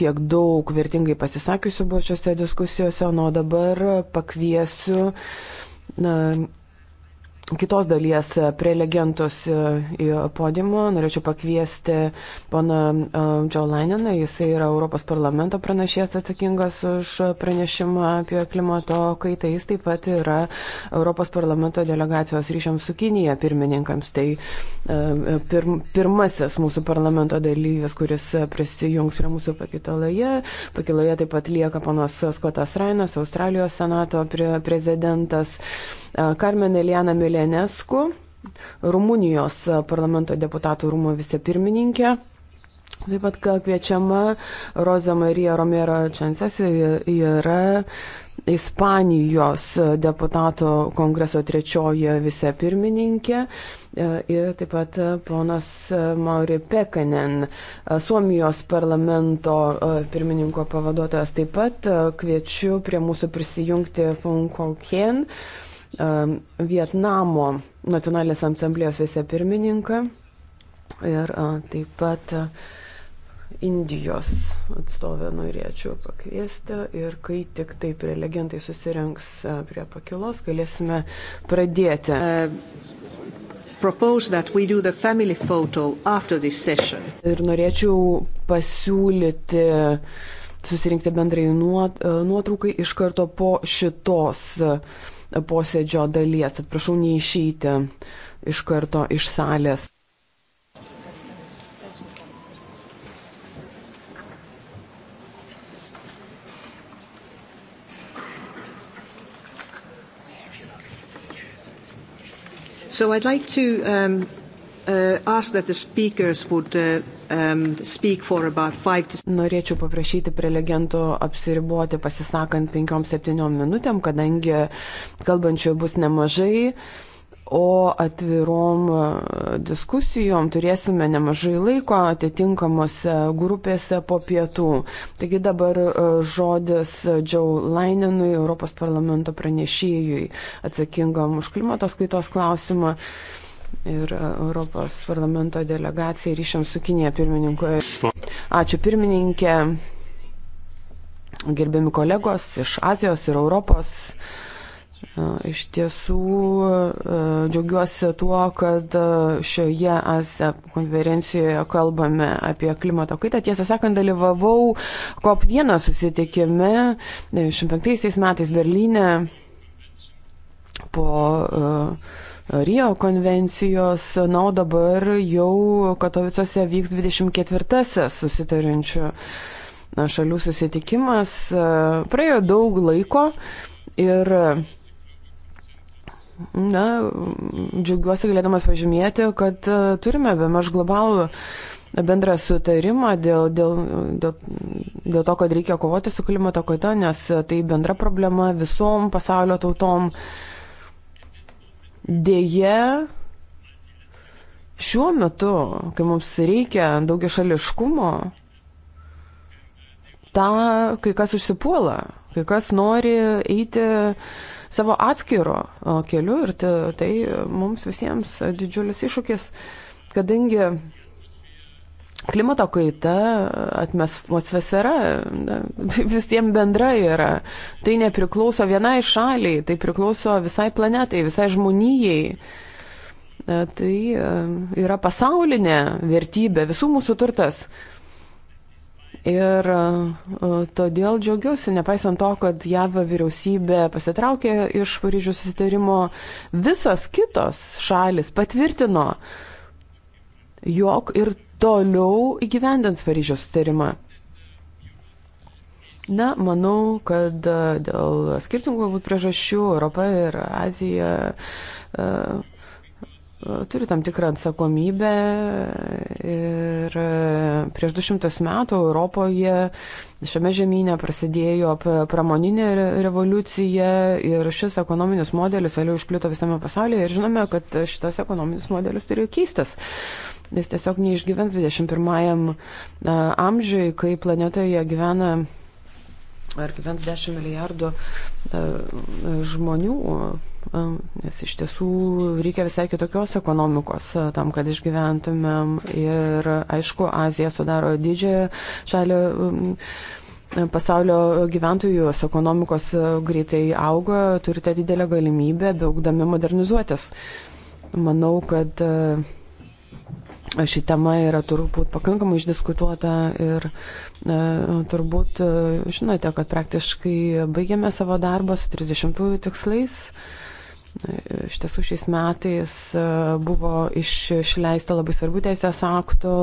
tiek daug vertingai pasisakiusių buvo šiuose diskusijose, o nu, dabar pakviesiu na, kitos dalies e, prelegentus e, į podiumą. Norėčiau pakviesti poną Džo e, Laininą, jisai yra Europos parlamento pranašės atsakingas už pranešimą apie klimato kaitą. Jis taip pat yra Europos parlamento delegacijos ryšiams su Kinija pirmininkams. Tai pir, pirmasis mūsų parlamento dalyvis, kuris prisijungs prie mūsų pakitaloje. Pakiloje taip pat lieka panas Skotas Rainas, Australijos senato prezidentas. Karmen Eliana Milenesku, Rumunijos parlamento deputatų rūmų vicepirmininkė. Taip pat kviečiama Roza Marija Romero Čansesi yra Ispanijos deputato kongreso trečioji vicepirmininkė e, ir taip pat ponas Mauri Pekanen, e, Suomijos parlamento e, pirmininko pavaduotojas. Taip pat kviečiu prie mūsų prisijungti Funkokien. Kien Vietnamo nacionalinės asamblėjos vicepirmininką ir taip pat Indijos atstovę norėčiau pakviesti ir kai tik tai prelegentai susirinks prie pakilos, galėsime pradėti. Uh, ir norėčiau pasiūlyti susirinkti bendrai nuotraukai iš karto po šitos uh, posėdžio dalies. Tad prašau neišeiti iš karto iš salės. So I'd like to um, uh, ask that the speakers would uh, Um, Norėčiau paprašyti prelegentų apsiriboti pasisakant 5-7 minutėm, kadangi kalbančių bus nemažai, o atvirom uh, diskusijom turėsime nemažai laiko atitinkamose grupėse po pietų. Taigi dabar uh, žodis Džiau Laininui, Europos parlamento pranešėjui, atsakingam už klimatos kaitos klausimą ir e, Europos parlamento delegacija ryšiams su Kinėje pirmininkoje. Ačiū pirmininkė, gerbiami kolegos iš Azijos ir Europos. E, iš tiesų e, džiaugiuosi tuo, kad šioje ASE konferencijoje kalbame apie klimato kaitą. Tiesą sakant, dalyvavau COP1 susitikime 1995 metais Berlyne po uh, Rio konvencijos, na, o dabar jau Katovicuose vyks 24-asis susitarinčių šalių susitikimas. Praėjo daug laiko ir na, džiaugiuosi galėdamas pažymėti, kad turime be maž globalų bendrą sutarimą dėl, dėl, dėl, dėl to, kad reikia kovoti su klimato kaita, nes tai bendra problema visom pasaulio tautom. Uh, Deja, šiuo metu, kai mums reikia daugia šališkumo, tą kai kas užsipuola, kai kas nori eiti savo atskiro keliu ir tai, tai mums visiems didžiulis iššūkis, kadangi klimato kaita, atmosfera vis tiem bendra yra. Tai nepriklauso vienai šaliai, tai priklauso visai planetai, visai žmonijai. Tai e, yra pasaulinė vertybė, visų mūsų turtas. Ir e, todėl džiaugiuosi, nepaisant to, kad JAV vyriausybė pasitraukė iš Paryžiaus susitarimo, visos kitos šalis patvirtino, uh, jog ir toliau įgyvendins Paryžiaus sutarimą. Na, manau, kad e, dėl skirtingų galbūt priežasčių Europa ir Azija uh, turi tam tikrą atsakomybę ir prieš 200 metų Europoje šiame žemynė prasidėjo pramoninė revoliucija ir šis ekonominis modelis vėliau išplito visame pasaulyje ir žinome, kad šitas ekonominis modelis turėjo keistas. Jis tiesiog neišgyvens 21 amžiui, kai planetoje gyvena ar gyvens 10 milijardų žmonių, nes iš tiesų reikia visai kitokios ekonomikos tam, kad išgyventumėm. Ir aišku, Azija sudaro didžiąją šalį pasaulio gyventojų ekonomikos greitai auga, turite didelę galimybę, beaugdami modernizuotis. Manau, kad uh, ši tema yra turbūt pakankamai išdiskutuota ir e, turbūt e, žinote, kad praktiškai baigėme savo darbą su 30-ųjų tikslais. E, iš tiesų šiais metais e, buvo iš, išleista labai svarbių teisės aktų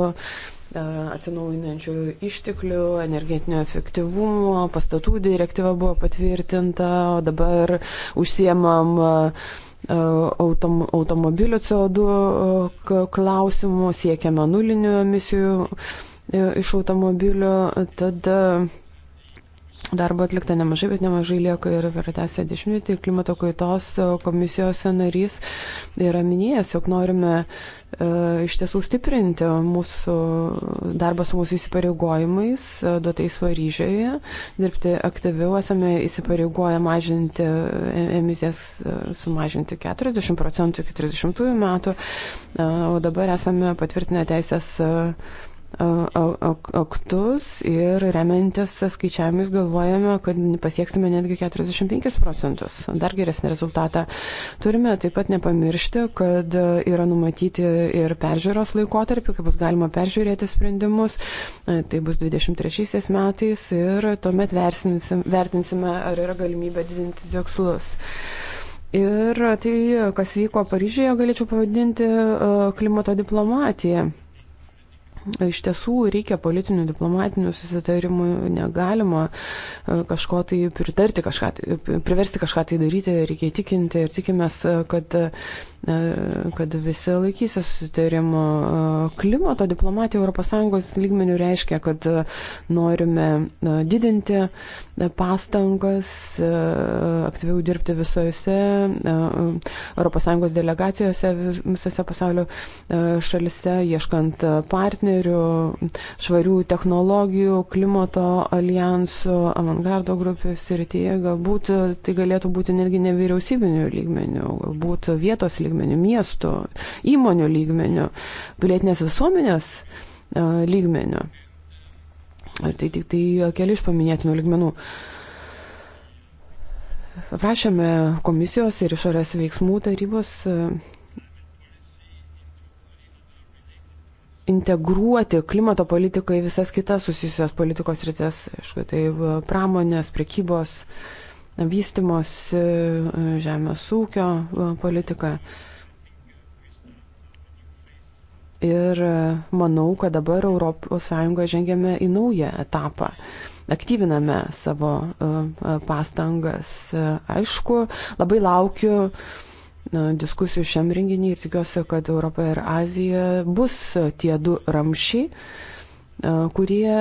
atsinaujinančių išteklių, energetinio efektyvumo, pastatų direktyva buvo patvirtinta, o dabar užsiemam uh, E, autom, automobilių CO2 e, klausimų, siekiame nulinių emisijų e, iš automobilio, tada Darbo atlikta nemažai, bet nemažai lieka ir per tęsę dešimtmetį. Klimato kaitos e, komisijos narys yra minėjęs, jog norime e, iš tiesų stiprinti mūsų darbą su mūsų įsipareigojimais, e, duotais Varyžioje, dirbti aktyviau, esame įsipareigoję mažinti e, emisijas, e, sumažinti 40 procentų iki 30 metų, e, o dabar esame patvirtinę teisės. E, aktus ir remiantis skaičiavimais galvojame, kad pasieksime netgi 45 procentus. Dar geresnį rezultatą. Turime taip pat nepamiršti, kad yra numatyti ir peržiūros laikotarpį, kai bus galima peržiūrėti sprendimus. Tai bus 23 metais ir tuomet vertinsime, ar yra galimybė didinti tikslus. Ir tai, kas vyko Paryžyje, galėčiau pavadinti klimato diplomatiją. Iš tiesų reikia politinių diplomatinių susitarimų, negalima e, kažko tai pritarti, kažką, tai, priversti kažką tai daryti, reikia įtikinti ir tikimės, e, kad, e, kad visi laikysis susitarimo. Klimato diplomatija ES lygmenių reiškia, kad norime didinti pastangas, aktyviau dirbti visose ES delegacijose, visose pasaulio šalise, ieškant partnerių partnerių, švarių technologijų, klimato alijansų, avangardo grupių srityje. Galbūt tai galėtų būti netgi nevyriausybinių lygmenių, galbūt vietos lygmenių, miestų, įmonių lygmenių, pilietinės visuomenės e, lygmenių. Ir tai tik tai keli iš paminėtinų lygmenų. Prašėme komisijos ir išorės veiksmų tarybos e, integruoti klimato politiką į visas kitas susijusios politikos rytis, aišku, tai e, pramonės, prekybos, vystimos, e, žemės ūkio e, politika. Ir manau, kad dabar ES žengėme į naują etapą aktyviname savo pastangas. Aišku, labai laukiu diskusijų šiam renginiui ir tikiuosi, kad Europa ir Azija bus tie du ramšiai, kurie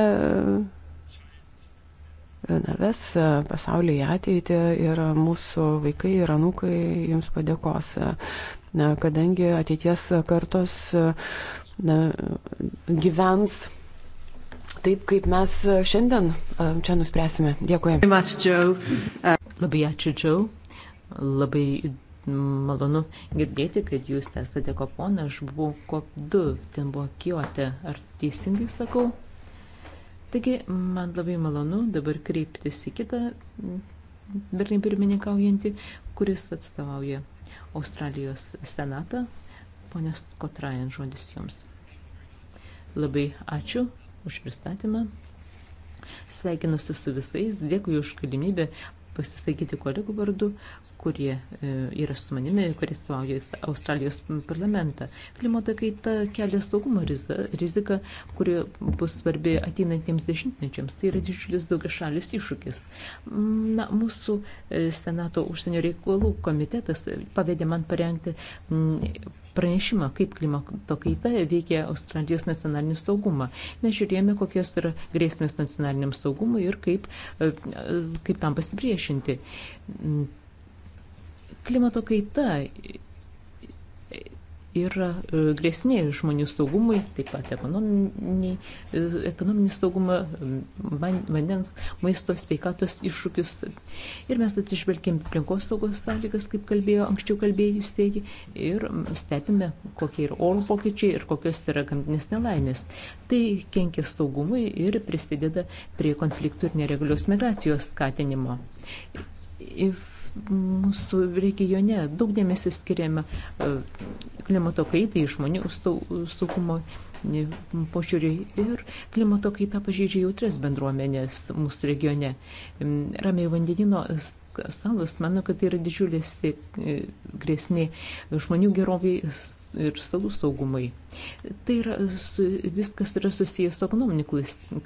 naves pasaulį į ateitį ir mūsų vaikai ir anūkai jums padėkos, kadangi ateities kartos na, gyvens taip, kaip mes šiandien čia nuspręsime. Dėkui. Labai ačiū, Džiau. Labai malonu girdėti, kad jūs esate kopona, aš buvau kop2, ten buvo kijote, ar teisingai sakau? Taigi, man labai malonu dabar kreiptis į kitą mm, Berlin pirmininkaujantį, kuris atstovauja Australijos senatą. Pone Skotrajan, žodis jums. Labai ačiū už pristatymą. Sveikinuosi su visais, dėkui už galimybę pasisakyti kolegų vardu, kurie e, yra su manimi, kurie suvauja Australijos parlamentą. Klimato kaita kelia saugumo riziką, kuri bus svarbi ateinantiems dešimtmečiams. Tai yra didžiulis daugiašalis iššūkis. Mm, na, mūsų e, Senato užsienio reikalų komitetas pavedė man parengti mm, pranešimą, kaip klimato kaita veikia Australijos nacionalinį saugumą. Mes žiūrėjome, kokios yra grėsmės nacionaliniam saugumui ir kaip, e, kaip tam pasipriešinti. Klimato kaita yra e, grėsmė žmonių saugumui, taip pat e, ekonominį saugumą, vandens, maisto, sveikatos iššūkius. Ir mes atsižvelgėm aplinkos saugos sąlygas, kaip kalbėjo anksčiau kalbėjusieji, ir stebime, kokie yra oro pokyčiai ir kokios yra gamtinės nelaimės. Tai kenkia saugumui ir prisideda prie konfliktų ir nereguliaus migracijos skatinimo. If mūsų regione daug dėmesio skiriame e, klimato kaitai, žmonių saugumo e, požiūriai ir klimato kaita pažeidžia jautres bendruomenės mūsų regione. Mm, Ramiai vandenino salos, manau, kad tai yra didžiulė e, grėsmė žmonių geroviai, ir salų saugumai. Tai yra, su, viskas yra susijęs su ekonominiu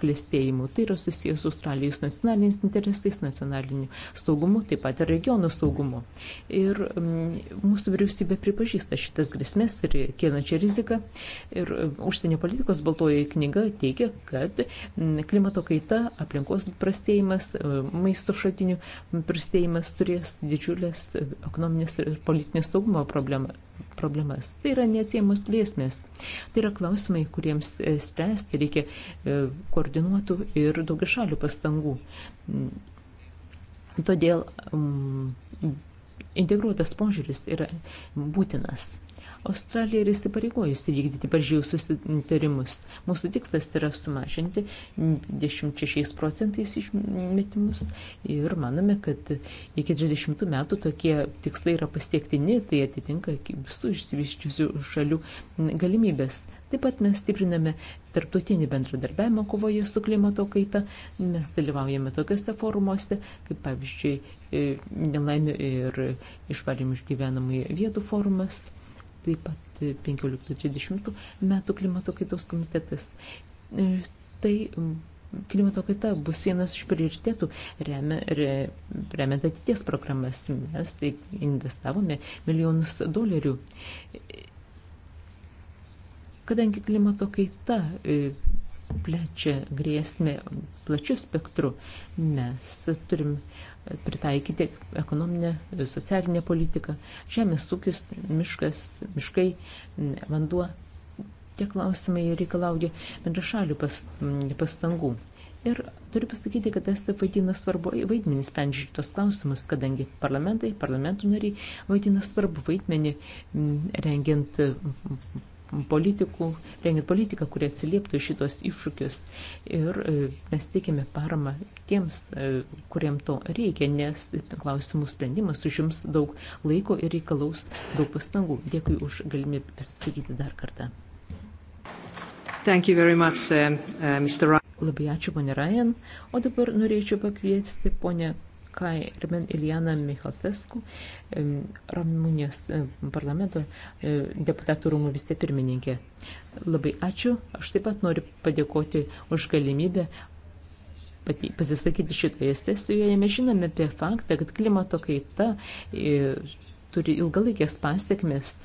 klėstėjimu, tai yra susijęs su Australijos nacionaliniais interesais, nacionaliniu saugumu, taip pat ir regionų saugumu. Ir m, mm, mūsų vyriausybė pripažįsta šitas grėsmės ir kėlančią riziką. Ir mm, užsienio politikos baltoji knyga teigia, kad mm, klimato kaita, aplinkos prastėjimas, maisto šaltinių prastėjimas turės didžiulės ekonominės ir politinės saugumo problemą, problemas. Tai yra neatsiejamos grėsmės. Tai yra klausimai, kuriems e, spręsti reikia e, koordinuotų ir daugišalių pastangų. Todėl mm, integruotas požiūris yra būtinas. Australija yra įsipareigojusi vykdyti Paryžiaus susitarimus. Mūsų tikslas yra sumažinti 26 procentais išmetimus ir manome, kad iki 30 metų tokie tikslai yra pasiektini, tai atitinka visų išsivyščiusių šalių galimybės. Taip pat mes stipriname tarptautinį bendradarbiavimą kovoje su klimato kaita. Mes dalyvaujame tokiuose forumuose, kaip pavyzdžiui, e, nelaimė ir išvarimų iš gyvenamųjų vietų forumas taip pat 15-20 metų klimato kaitos komitetas. E, tai klimato kaita bus vienas iš prioritėtų remia, re, remiant ateities programas. Mes tai investavome milijonus dolerių. Kadangi klimato kaita e, plečia grėsmę plačiu spektru, mes turim pritaikyti ekonominę, socialinę politiką, žemės ūkis, miškas, miškai, vanduo. Tie klausimai reikalauja bendrašalių pastangų. Ir turiu pasakyti, kad estai vaidina svarbu vaidmenį sprendžiant šitos klausimus, kadangi parlamentai, parlamentų nariai vaidina svarbu vaidmenį rengiant politikų, rengiant politiką, kurie atsilieptų šitos iššūkius. Ir e, mes teikėme paramą tiems, e, kuriem to reikia, nes klausimų sprendimas užims daug laiko ir reikalaus daug pastangų. Dėkui už galimybę pasisakyti dar kartą. Thank you very much, uh, uh, Mr. Ryan. Labai ačiū, ponė Ryan. O dabar norėčiau pakviesti ponę Kairmen Iljana Michalcesku, Rumunijos parlamento e, deputatų rūmų vicepirmininkė. Labai ačiū. Aš taip pat noriu padėkoti už galimybę pasisakyti šitoje sesijoje. Mes žinome apie faktą, kad klimato kaita e, turi ilgalaikės pasiekmes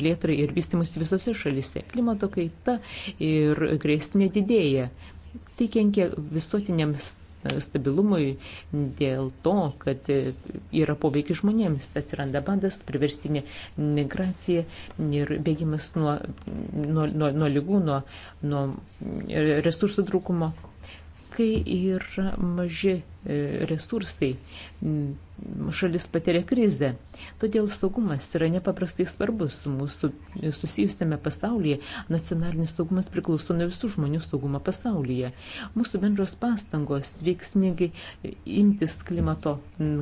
plėtrai ir vystimus visose šalise. Klimato kaita ir grėsmė didėja. Tai kenkia visuotiniams stabilumui dėl to, kad yra poveikis žmonėms, atsiranda bandas, priverstinė migracija ir bėgimas nuo, nuo, nuo, nuo lygų, nuo, nuo resursų trūkumo ūkiai ir maži e, resursai. Šalis patiria krizę. Todėl saugumas yra nepaprastai svarbus mūsų e, susijusiame pasaulyje. Nacionalinis saugumas priklauso nuo visų žmonių saugumo pasaulyje. Mūsų bendros pastangos veiksmingai e, imtis klimato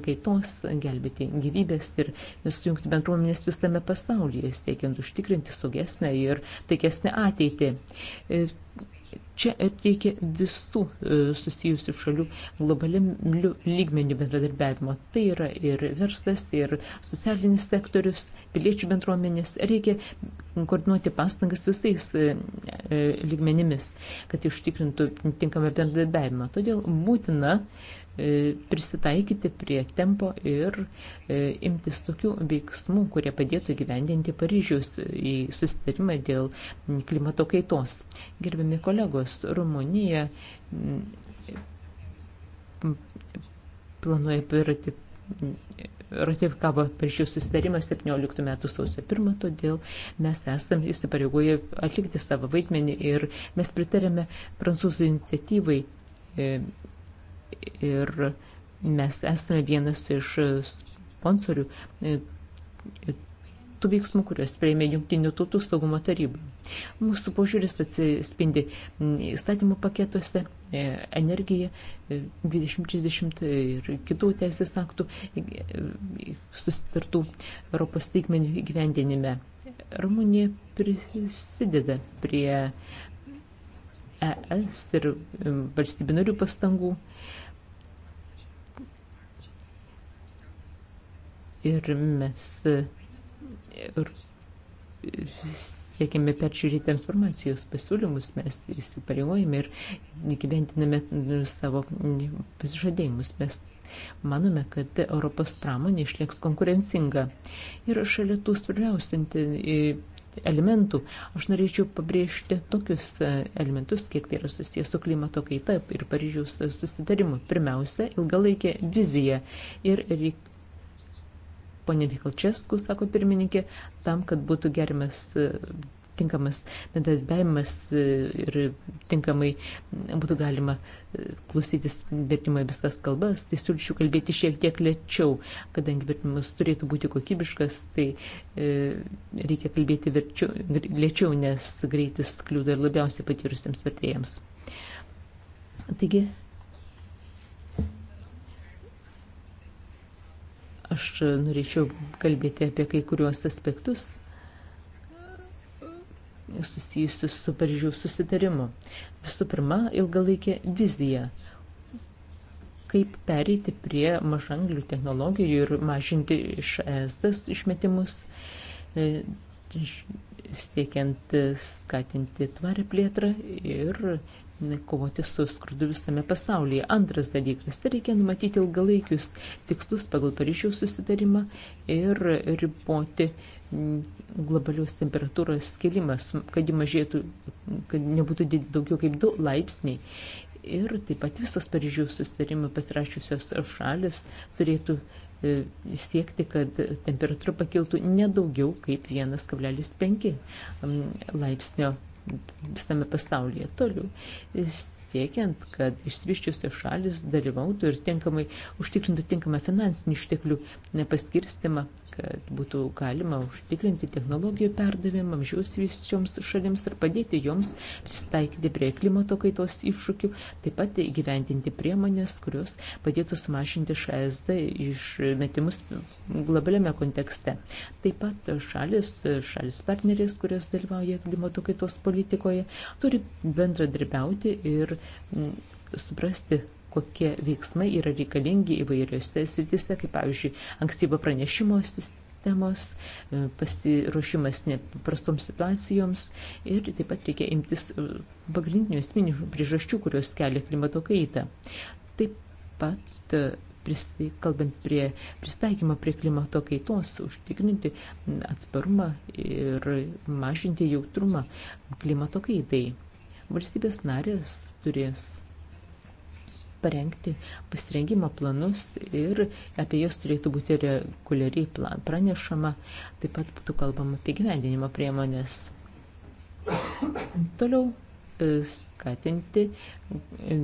kaitos, gelbėti gyvybės ir sujungti bendruomenės visame pasaulyje, siekiant užtikrinti saugesnę ir taikesnę ateitį Čia reikia visų e, susijusių šalių globaliam lygmenių bendradarbiavimo. Tai yra ir verslas, ir socialinis sektorius, piliečių bendruomenės. Reikia koordinuoti pastangas visais e, e, lygmenimis, kad ištikrintų tinkamą bendradarbiavimą. Todėl būtina E, prisitaikyti prie tempo ir e, imtis tokių veiksmų, kurie padėtų gyvendinti Paryžiaus į e, susitarimą dėl klimato kaitos. Gerbiami kolegos, Rumunija planuoja pirati ratifikavo Paryžiaus susitarimą 17 metų sausio 1, todėl mes esam įsipareigoję atlikti savo vaidmenį ir mes pritarėme prancūzų iniciatyvai ir mes esame vienas iš sponsorių e, tų veiksmų, kuriuos prieimė Junktinių tautų saugumo taryba. Mūsų požiūris atsispindi įstatymų paketuose, e, energija 2030 e, ir kitų teisės aktų susitartų Europos teikmenių įgyvendinime. Rumunija prisideda prie ES ir e, valstybių narių pastangų. Ir mes e, ir siekiame peržiūrėti transformacijos pasiūlymus, mes įsipareigojame ir gyventiname savo pasižadėjimus. Mes manome, kad Europos pramonė išlieks konkurencinga. Ir šalia tų svarbiausių elementų. Aš norėčiau pabrėžti tokius e, elementus, kiek tai yra susijęs su klimato kaita ir Paryžiaus susidarimu. Pirmiausia, ilgalaikė vizija. Ir reik... ponė Mikalčesku, sako pirmininkė, tam, kad būtų gerimas e, tinkamas bendradarbiavimas e, ir tinkamai būtų galima e, klausytis vertimą visas kalbas, tai siūlyčiau kalbėti šiek tiek lėčiau, kadangi vertimas turėtų būti kokybiškas, tai e, reikia kalbėti verčiu, lėčiau, nes greitis kliūda ir labiausiai patyrusiems vertėjams. Taigi, aš norėčiau kalbėti apie kai kuriuos aspektus susijusių su Paryžiaus susitarimu. Visų pirma, ilgalaikė vizija kaip pereiti prie mažanglių technologijų ir mažinti iš ESDS išmetimus, e, siekiant skatinti tvarę plėtrą ir kovoti su skurdu visame pasaulyje. Antras dalykas tai - reikia numatyti ilgalaikius tikslus pagal Paryžiaus susitarimą ir riboti Mm, globalios temperatūros skilimas, kad ji mažėtų, kad nebūtų daugiau kaip 2 laipsniai. Ir taip pat visos Paryžiaus susitarimą pasirašiusios šalis turėtų e, siekti, kad temperatūra pakiltų nedaugiau kaip 1,5 mm, laipsnio visame pasaulyje toliau, e, siekiant, kad išsivyščiusios šalis dalyvautų ir tinkamai užtikrintų tinkamą finansinių išteklių paskirstimą kad būtų galima užtikrinti technologijų perdavimą amžiaus visioms šalims ir padėti joms pristaikyti prie klimato kaitos iššūkių, taip pat įgyvendinti priemonės, kurios padėtų sumažinti ŠSD išmetimus globaliame kontekste. Taip pat šalis, šalis partnerės, kurios dalyvauja klimato kaitos politikoje, turi bendradarbiauti ir mm, suprasti kokie veiksmai yra reikalingi įvairiose sritise, kaip pavyzdžiui, ankstyvo pranešimo sistemos, e, pasiruošimas nepaprastoms situacijoms ir taip pat reikia imtis e, pagrindinių esminių priežasčių, kurios kelia klimato kaitą. Taip pat e, kalbant prie pristaikymą prie klimato kaitos, užtikrinti atsparumą ir mažinti jautrumą klimato kaitai. Valstybės narės turės parengti pasirengimo planus ir apie juos turėtų būti reguliariai pranešama, taip pat būtų kalbama apie gyvendinimo priemonės. Toliau e, skatinti e,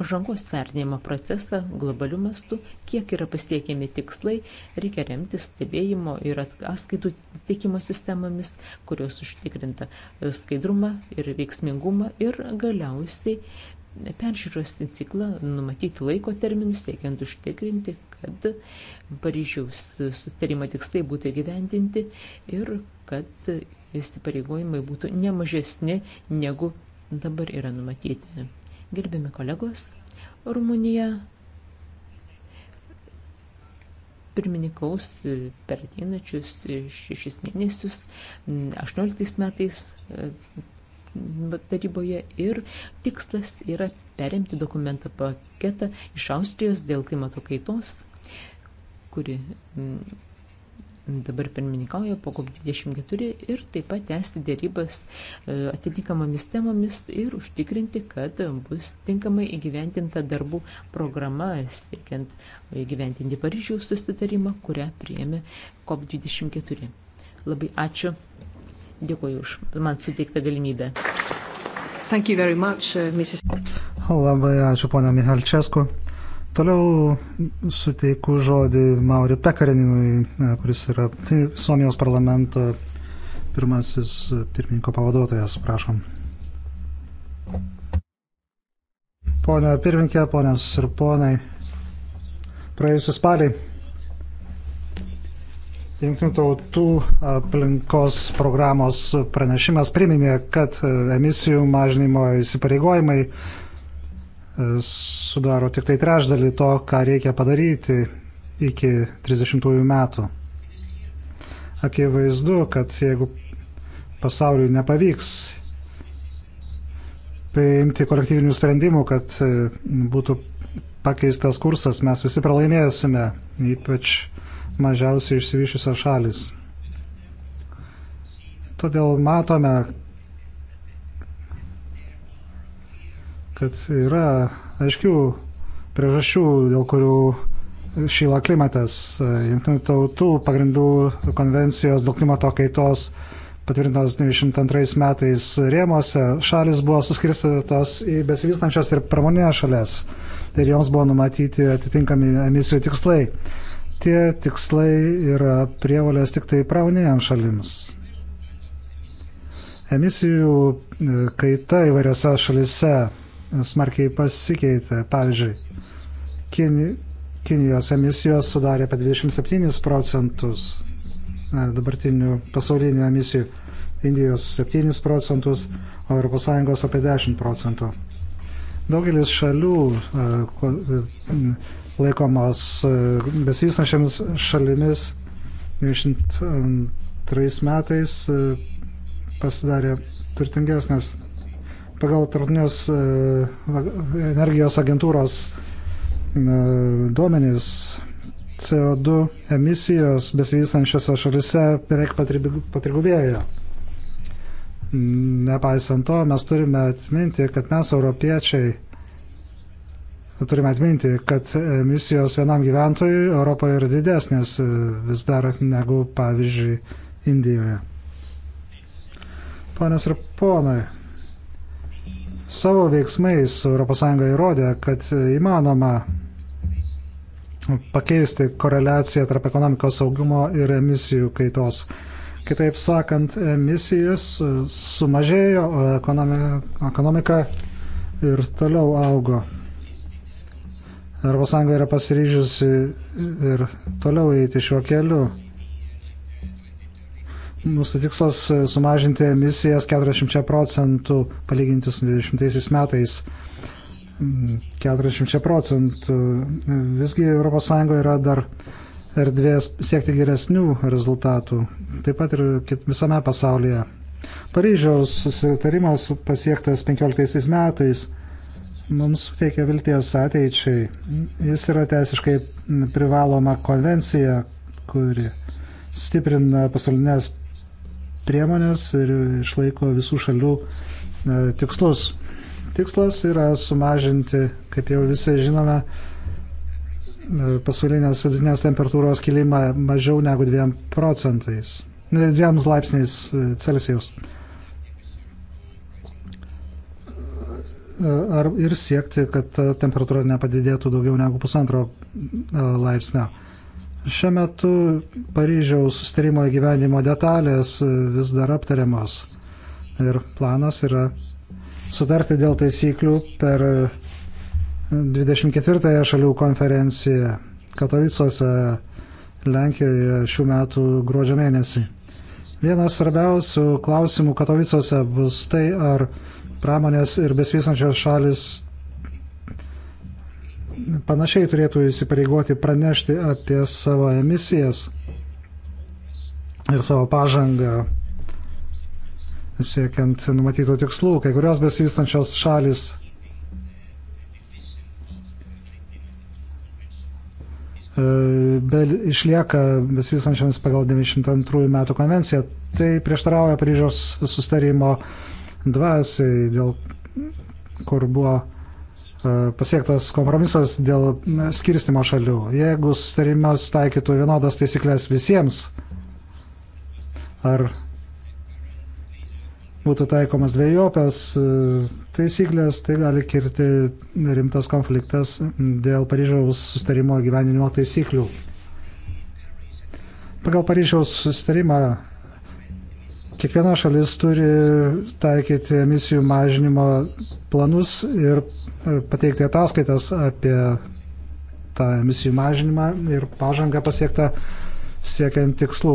pažangos vertinimo procesą globaliu mastu, kiek yra pasiekiami tikslai, reikia remtis stebėjimo ir atskaitų teikimo sistemomis, kurios užtikrinta e, skaidrumą ir veiksmingumą ir galiausiai peržiūros ciklą numatyti laiko terminus, siekiant užtikrinti, kad Paryžiaus sustarimo tikslai būtų gyvendinti ir kad įsipareigojimai būtų nemažesni negu dabar yra numatyti. Gerbiami kolegos, Rumunija pirmininkaus per ateinančius šešis mėnesius, 18 metais taryboje ir tikslas yra perimti dokumentą paketą iš Austrijos dėl klimato kaitos, kuri mm, dabar pirmininkauja po COP24 ir taip pat tęsti dėrybas e, atitinkamomis temomis ir užtikrinti, kad bus tinkamai įgyventinta darbų programa, siekiant įgyventinti Paryžiaus susitarimą, kurią priėmė COP24. Labai ačiū Dėkuoju už man suteiktą galimybę. Much, uh, Mrs... Labai ačiū, ponia Mihalčesku. Toliau suteiku žodį Mauri Pekarinimui, e, kuris yra Suomijos parlamento pirmasis e, pirmininko pavaduotojas. Prašom. Pone pirmininkė, ponios ir ponai, praėjusią spalį Junktinių tautų aplinkos programos pranešimas priminė, kad e, emisijų mažinimo įsipareigojimai e, sudaro tik tai trešdalį to, ką reikia padaryti iki 30 metų. Akivaizdu, kad jeigu pasauliui nepavyks priimti kolektyvinių sprendimų, kad e, būtų pakeistas kursas, mes visi pralaimėsime, ypač mažiausiai išsivyšusios šalis. Todėl matome, kad yra aiškių priežasčių, dėl kurių šyla klimatas. Junktinių tautų pagrindų konvencijos dėl klimato kaitos patvirtintos 92 metais rėmose šalis buvo suskirstytos į besivystančias ir pramoninės šalias ir joms buvo numatyti atitinkami emisijų tikslai tie tikslai yra prievalės tik tai pramonėjams šalims. Emisijų e, kaita įvairiose šalise smarkiai pasikeitė. Pavyzdžiui, Kini, Kinijos emisijos sudarė apie 27 procentus e, dabartinių pasaulinių emisijų, Indijos 7 procentus, o ES apie 10 procentų. Daugelis šalių e, laikomos e, besivystančiams šalimis 92 metais e, pasidarė turtingesnės. Pagal Tartunės e, energijos agentūros duomenys CO2 emisijos besivystančiose šalise beveik patrigubėjo. Nepaisant to, mes turime atminti, kad mes, europiečiai, turime atminti, kad emisijos vienam gyventojui Europoje yra didesnės e, vis dar negu, pavyzdžiui, Indijoje. Panas ir ponai, savo veiksmais ES įrodė, kad įmanoma pakeisti koreliaciją tarp ekonomikos saugimo ir emisijų kaitos. Kitaip sakant, emisijos e, sumažėjo, o ekonomika ir toliau augo. ES yra pasiryžusi ir toliau eiti šiuo keliu. Mūsų tikslas sumažinti emisijas 40 procentų palyginti su 20 metais. 40 procentų. Visgi ES yra dar erdvės siekti geresnių rezultatų, taip pat ir visame pasaulyje. Paryžiaus susitarimas pasiektas 15 metais mums suteikia vilties ateičiai. Jis yra teisiškai privaloma konvencija, kuri stiprina pasaulinės priemonės ir išlaiko visų šalių e, tikslus. Tikslas yra sumažinti, kaip jau visi žinome, e, pasaulinės vidutinės temperatūros kilimą mažiau negu 2 procentais, 2 laipsniais e, Celsijaus. ar ir siekti, kad temperatūra nepadidėtų daugiau negu pusantro e, laipsnio. Šiuo metu Paryžiaus sustarimo įgyvendimo detalės e, vis dar aptariamos ir planas yra sutarti dėl taisyklių per 24-ąją e, šalių konferenciją Katovicuose, Lenkijoje šių metų gruodžio mėnesį. Vienas svarbiausių klausimų Katovicuose bus tai, ar pramonės ir besvysančios šalis panašiai turėtų įsipareigoti pranešti apie savo emisijas ir savo pažangą siekiant numatytų tikslų. Kai kurios besivystančios šalis e, be, išlieka besivystančiams pagal 92 metų konvenciją. Tai prieštarauja Paryžiaus sustarimo dvasiai, dėl kur buvo e, pasiektas kompromisas dėl skirstimo šalių. Jeigu sustarimas taikytų vienodas taisyklės visiems, ar būtų taikomas dviejopias e, taisyklės, tai gali kirti rimtas konfliktas dėl Paryžiaus sustarimo gyvenimo taisyklių. Pagal Paryžiaus sustarimą Kiekviena šalis turi taikyti emisijų mažinimo planus ir e, pateikti ataskaitas apie tą emisijų mažinimą ir pažangą pasiektą siekiant tikslų.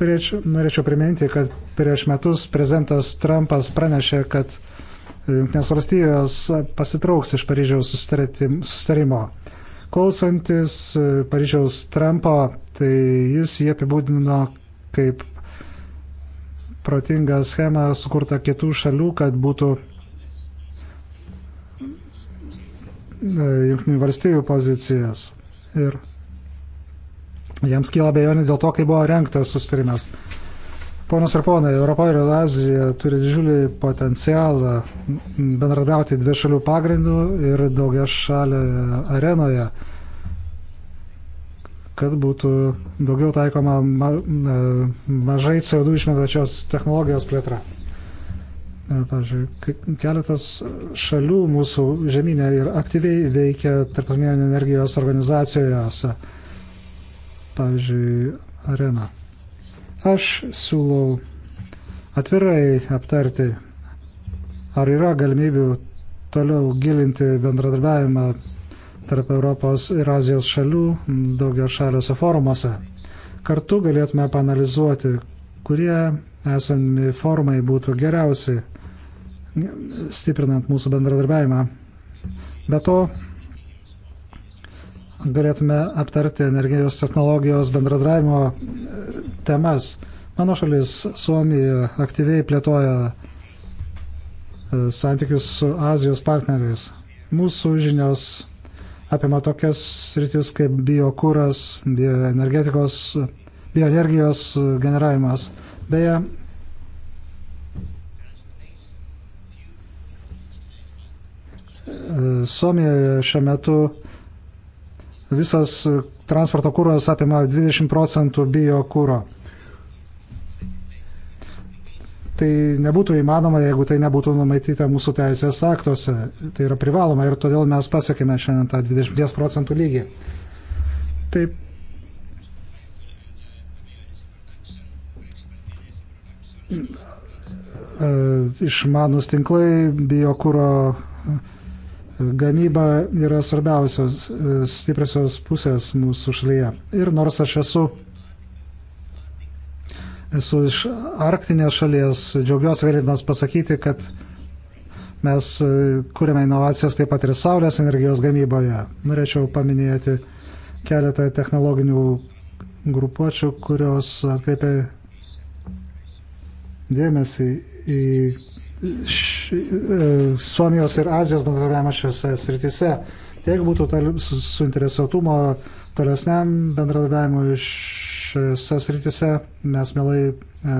Turėčiau, norėčiau priminti, kad prieš metus prezidentas Trumpas pranešė, kad Junktinės valstijos pasitrauks iš Paryžiaus sustarimo. Klausantis Paryžiaus Trumpo, tai jis jį apibūdino kaip protingą schemą sukurtą kitų šalių, kad būtų e, jungtinių valstybių pozicijas. Ir jiems kyla bejonė dėl to, kaip buvo renktas sustarimas. Ponas ir ponai, Europa ir Azija turi didžiulį potencialą bendradarbiauti dvi šalių pagrindų ir daugia šalia arenoje kad būtų daugiau taikoma ma, e, mažai CO2 išmetačios technologijos plėtra. E, pavyzdžiui, keletas šalių mūsų žemynė ir aktyviai veikia tarptautinėje energijos organizacijose. Pavyzdžiui, arena. Aš siūlau atvirai aptarti, ar yra galimybių toliau gilinti bendradarbiavimą tarp Europos ir Azijos šalių daugio šaliuose forumuose. Kartu galėtume panalizuoti, kurie esami formai būtų geriausi, stiprinant mūsų bendradarbiavimą. Be to, galėtume aptarti energijos technologijos bendradarbiavimo e, temas. Mano šalis Suomija aktyviai plėtoja e, santykius su Azijos partneriais. Mūsų žinios apima tokias sritis kaip biokūras, bioenergetikos, bioenergijos generavimas. Beje, Suomijoje šiuo metu visas transporto kūros apima 20 procentų biokūro tai nebūtų įmanoma, jeigu tai nebūtų numatyta mūsų teisės aktuose. Tai yra privaloma ir todėl mes pasiekime šiandien tą 20 procentų lygį. Taip. E, išmanus tinklai, biokūro gamyba yra svarbiausios e, stipriosios pusės mūsų šalyje. Ir nors aš esu esu iš Arktinės šalies, džiaugiuosi galėdamas pasakyti, kad mes e, kūrėme inovacijas taip pat ir saulės energijos gamyboje. Norėčiau paminėti keletą technologinių grupuočių, kurios atkreipia dėmesį į š, e, Suomijos ir Azijos bendradarbiavimą šiuose srityse. Tai jeigu būtų suinteresuotumo tolesniam bendradarbiavimui iš šiose sritise mes mielai e,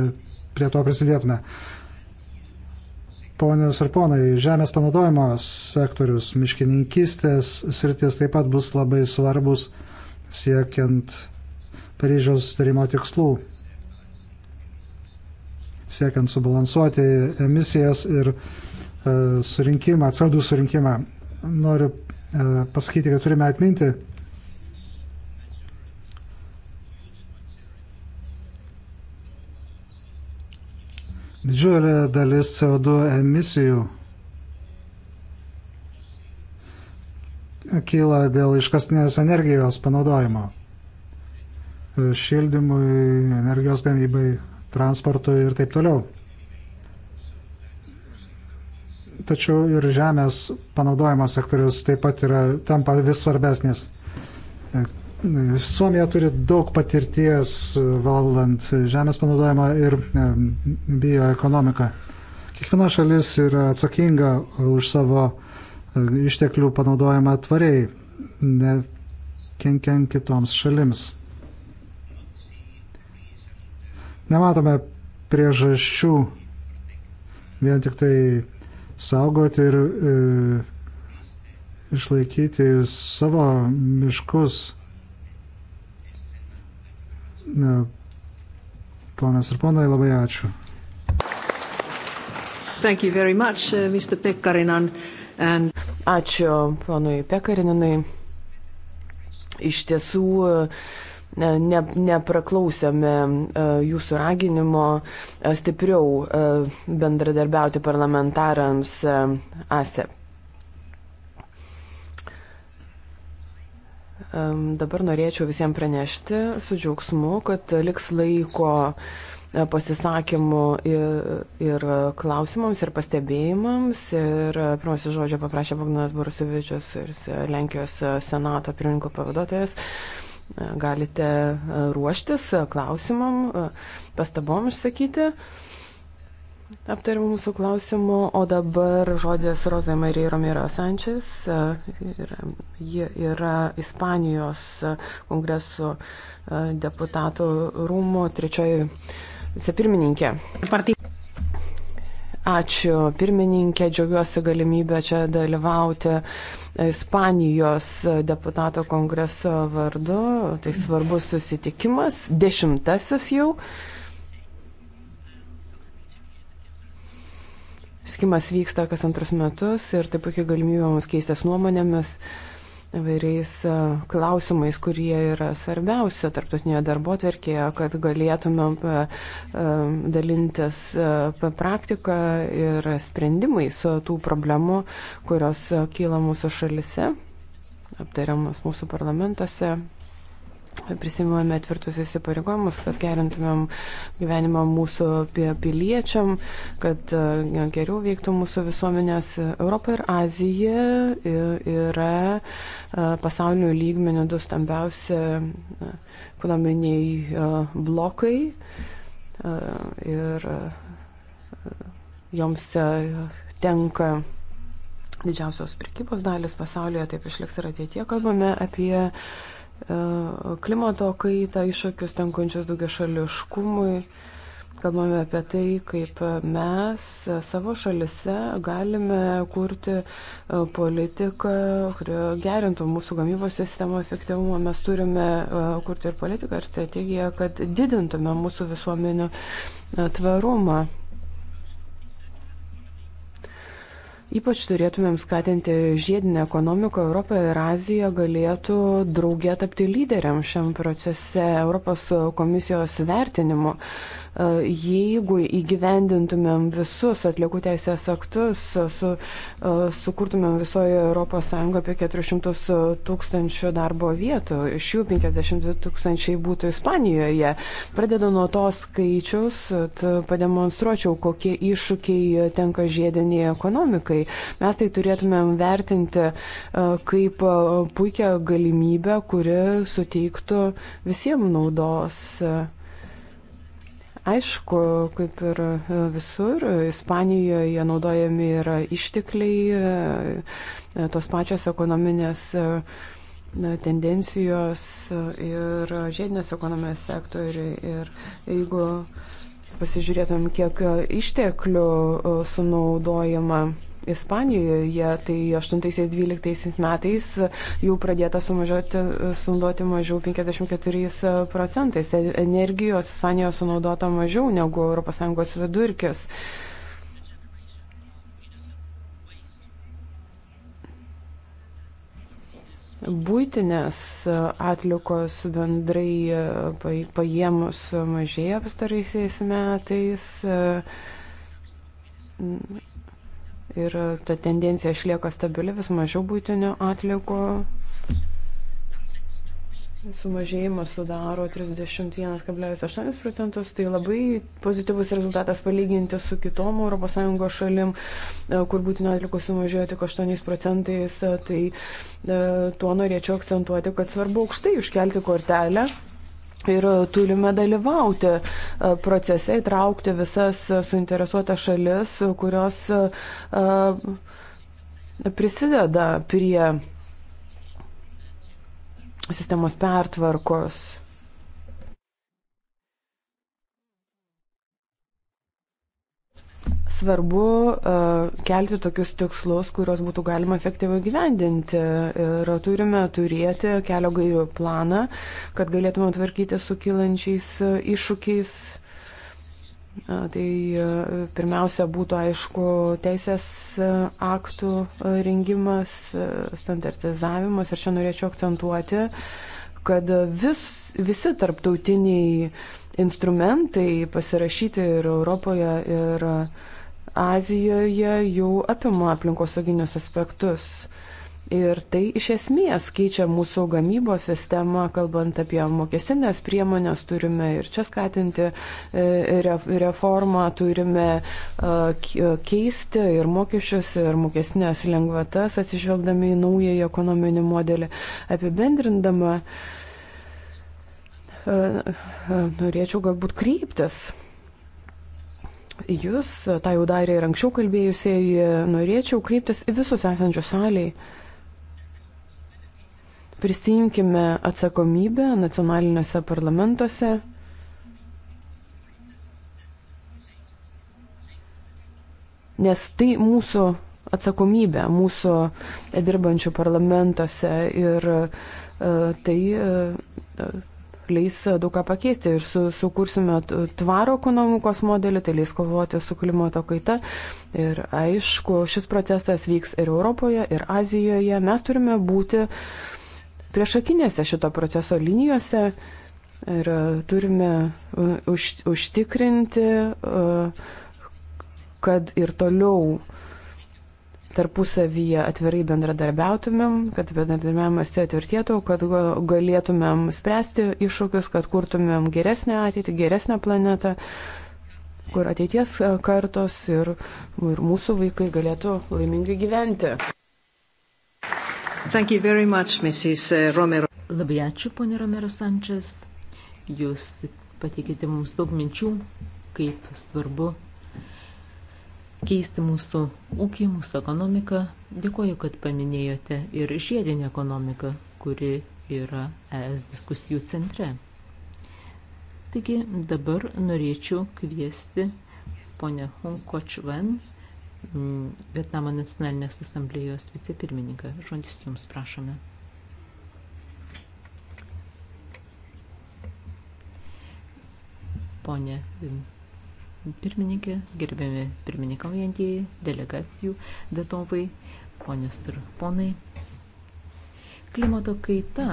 prie to prisidėtume. Ponios ir ponai, žemės panaudojimo sektorius, miškininkystės sritis taip pat bus labai svarbus siekiant Paryžiaus sutarimo tikslų, siekiant subalansuoti emisijas ir e, surinkimą, CO2 surinkimą. Noriu e, pasakyti, kad turime atminti, Didžiulė dalis CO2 emisijų kyla dėl iškastinės energijos panaudojimo. E, šildymui, energijos gamybai, transportui ir taip toliau. Tačiau ir žemės panaudojimo sektorius taip pat yra, tampa vis svarbesnis. E, Suomija turi daug patirties e, valdant žemės panaudojimą ir e, bioekonomiką. Kiekviena šalis yra atsakinga už savo e, išteklių panaudojimą tvariai, net kenkiant kitoms šalims. Nematome priežasčių vien tik tai saugoti ir e, išlaikyti savo miškus Ponios ir ponai, labai ačiū. Thank you very much, uh, Mr. Pekkarinan. And... Ačiū ponui Pekkarinanui. Iš tiesų, uh, ne, nepraklausėme uh, jūsų raginimo uh, stipriau bendradarbiauti parlamentarams ASEP. Dabar norėčiau visiems pranešti su džiaugsmu, kad liks laiko e, pasisakymų ir, ir klausimams, ir pastebėjimams. Ir e, pirmasis žodžio paprašė Bagnas Borusevičius ir Lenkijos senato pirmininko pavaduotojas. E, galite ruoštis klausimam, pastabom išsakyti. Aptarėm mūsų klausimų, o dabar žodis Roza Marija Romero Sančias. Ji yra Ispanijos kongreso e, deputatų rūmų trečioji vicepirmininkė. Ačiū pirmininkė, džiaugiuosi galimybę čia dalyvauti Ispanijos deputato kongreso vardu. Tai svarbus susitikimas, dešimtasis jau. Uh, Sutikimas vyksta kas antrus metus ir tai puikiai galimybė mums keistas nuomonėmis įvairiais e, klausimais, kurie yra svarbiausia tarptautinėje darbo atverkėje, kad galėtumėm e, e, dalintis praktiką ir sprendimais tų problemų, kurios kyla mūsų šalise, aptariamas mūsų parlamentuose, prisimame tvirtus įsipareigojimus, kad gerintumėm gyvenimą mūsų piliečiam, kad e, geriau veiktų mūsų visuomenės. Europa ir Azija yra e, pasaulio lygmenių du stambiausi e, ekonominiai blokai. Ir joms tenka didžiausios prekybos dalis pasaulyje, taip išliks ir ateitie. Kalbame apie uh, E, klimato kaitą, iššūkius tenkančius daugia šališkumui. Kalbame apie tai, kaip mes savo šalise galime kurti e, politiką, kuri gerintų mūsų gamybos sistemo efektyvumą. Mes turime e, kurti ir politiką, ir strategiją, kad didintume mūsų visuomenių tvarumą. Ypač turėtumėm skatinti žiedinę ekonomiką Europoje ir Azijoje galėtų draugė tapti lyderiam šiam procese Europos komisijos vertinimu. E, jeigu įgyvendintumėm visus atliekų teisės aktus, su, e, sukurtumėm visoje Europos Sąjungoje apie 400 tūkstančių darbo vietų, iš jų 52 tūkstančiai būtų Ispanijoje. Pradedu nuo to skaičius, pademonstruočiau, kokie iššūkiai tenka žiediniai ekonomikai Europai. Mes tai turėtumėm vertinti e, kaip e, puikią galimybę, kuri suteiktų visiems naudos. Aišku, kaip ir e, visur, Ispanijoje naudojami yra ištekliai, tos pačios ekonominės tendencijos ir žiedinės ekonomijos sektoriai. Ir jeigu pasižiūrėtum, kiek išteklių sunaudojama Ispanijoje, tai 8-12 metais jau pradėta sumažuoti, sunaudoti mažiau 54 e, procentais. E, energijos Ispanijoje sunaudota mažiau negu ES vidurkis. Būtinės atlikos bendrai e, paėmus mažėja pastaraisiais metais ir ta tendencija išlieka stabili, vis mažiau būtinių atliekų. Sumažėjimas sudaro 31,8 procentus, tai labai pozityvus rezultatas palyginti su kitom ES šalim, e, kur būtino atliko sumažėjo tik 8 procentais. E, tai e, tuo norėčiau akcentuoti, kad svarbu aukštai užkelti kortelę Ir e, turime dalyvauti e, procese, įtraukti visas e, suinteresuotas šalis, kurios prisideda prie sistemos pertvarkos. svarbu uh, kelti tokius tikslus, kuriuos būtų galima efektyviai gyvendinti. Ir turime turėti kelio gairių planą, kad galėtume tvarkyti su kilančiais uh, e, iššūkiais. Uh, tai uh, pirmiausia būtų, aišku, teisės uh, aktų uh, rengimas, uh, standartizavimas. Ir čia norėčiau akcentuoti, kad vis, visi tarptautiniai instrumentai pasirašyti ir Europoje, ir uh, Azijoje jau apima aplinkosauginius aspektus. Ir tai iš esmės keičia mūsų gamybos sistemą, kalbant apie mokestinės priemonės, turime ir čia skatinti e, reformą, turime e, keisti ir mokesčius, ir mokestinės lengvatas, atsižvelgdami į naująjį ekonominį modelį. Apibendrindama, e, norėčiau galbūt kryptis jūs, tai jau darė ir anksčiau kalbėjusieji, norėčiau kreiptis į visus esančius saliai. Prisimkime atsakomybę nacionaliniuose parlamentuose. Nes tai mūsų atsakomybė, mūsų dirbančių parlamentuose ir uh, tai uh, leis e, daug ką pakeisti ir su, sukursime tvaro ekonomikos modelį, tai leis kovoti su klimato kaita. Ir aišku, šis protestas vyks ir Europoje, ir Azijoje. Mes turime būti priešakinėse šito proceso linijose ir e, turime e, už, užtikrinti, kad ir toliau tarpusavyje atvirai bendradarbiautumėm, kad bendradarbiavimas tai atvirtėtų, kad galėtumėm spręsti iššūkius, kad kurtumėm geresnę ateitį, geresnę planetą, kur ateities kartos ir, ir mūsų vaikai galėtų laimingai gyventi. Much, uh, Labai ačiū, ponė Romero Sančias. Jūs pateikėte mums daug minčių, kaip svarbu keisti mūsų ūkį, mūsų ekonomiką. Dėkuoju, kad paminėjote ir žiedinę ekonomiką, kuri yra ES diskusijų centre. Taigi dabar norėčiau kviesti ponę Hong Kochven, mm, Vietnamo nacionalinės asamblėjos vicepirmininką. Žodis jums prašome. Pone pirmininkė, gerbiami pirmininkaujantieji, delegacijų datovai, ponės ir ponai. Klimato kaita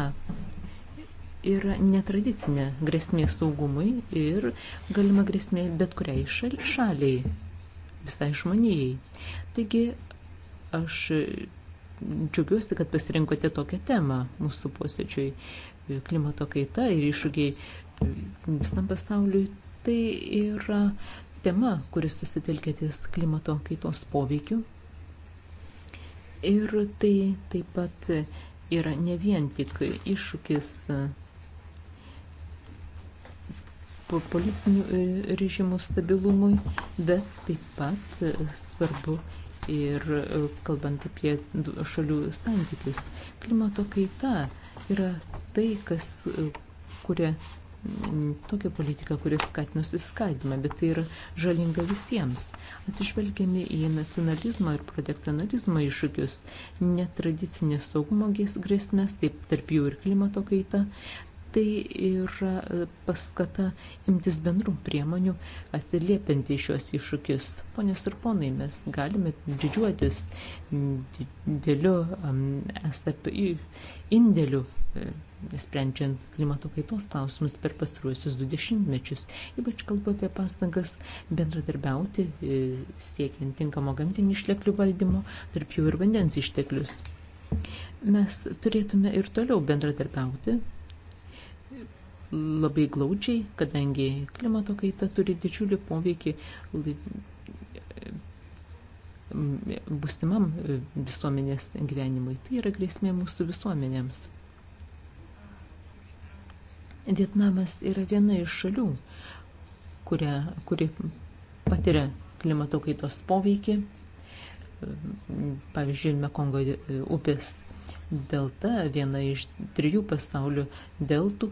yra netradicinė grėsmė saugumui ir galima grėsmė bet kuriai šaliai, visai žmonijai. Taigi aš džiugiuosi, kad pasirinkote tokią temą mūsų posėdžiui. Klimato kaita ir iššūkiai visam pasauliui Tai yra tema, kuris susitelkia ties klimato kaitos poveikiu. Ir tai taip pat yra ne vien tik iššūkis politinių e, režimų stabilumui, bet taip pat svarbu ir e, kalbant apie šalių santykius. Klimato kaita yra tai, kas e, kuria Mm, tokią politiką, kuri skatina susiskaidimą, bet tai yra žalinga visiems. Atsižvelgiame į nacionalizmą ir protekcionalizmą iššūkius, netradicinės saugumo grėsmės, taip tarp jų ir klimato kaita. Tai yra paskata imtis bendrų priemonių atsiliepinti šios iššūkius. Ponios ir ponai, mes galime didžiuotis dideliu mm, SAP indėliu E, sprendžiant klimato kaitos klausimus per pastaruosius du dešimtmečius. Ypač kalbu apie pastangas bendradarbiauti, e, siekiant tinkamo gamtinių išteklių valdymo, tarp jų ir vandens išteklius. Mes turėtume ir toliau bendradarbiauti labai glaudžiai, kadangi klimato kaita turi didžiulį poveikį būsimam e, visuomenės gyvenimui. Tai yra grėsmė mūsų visuomenėms. Vietnamas yra viena iš šalių, kuria, kuri patiria klimato kaitos poveikį. Pavyzdžiui, Mekongo e, upės delta, viena iš trijų pasaulio deltų,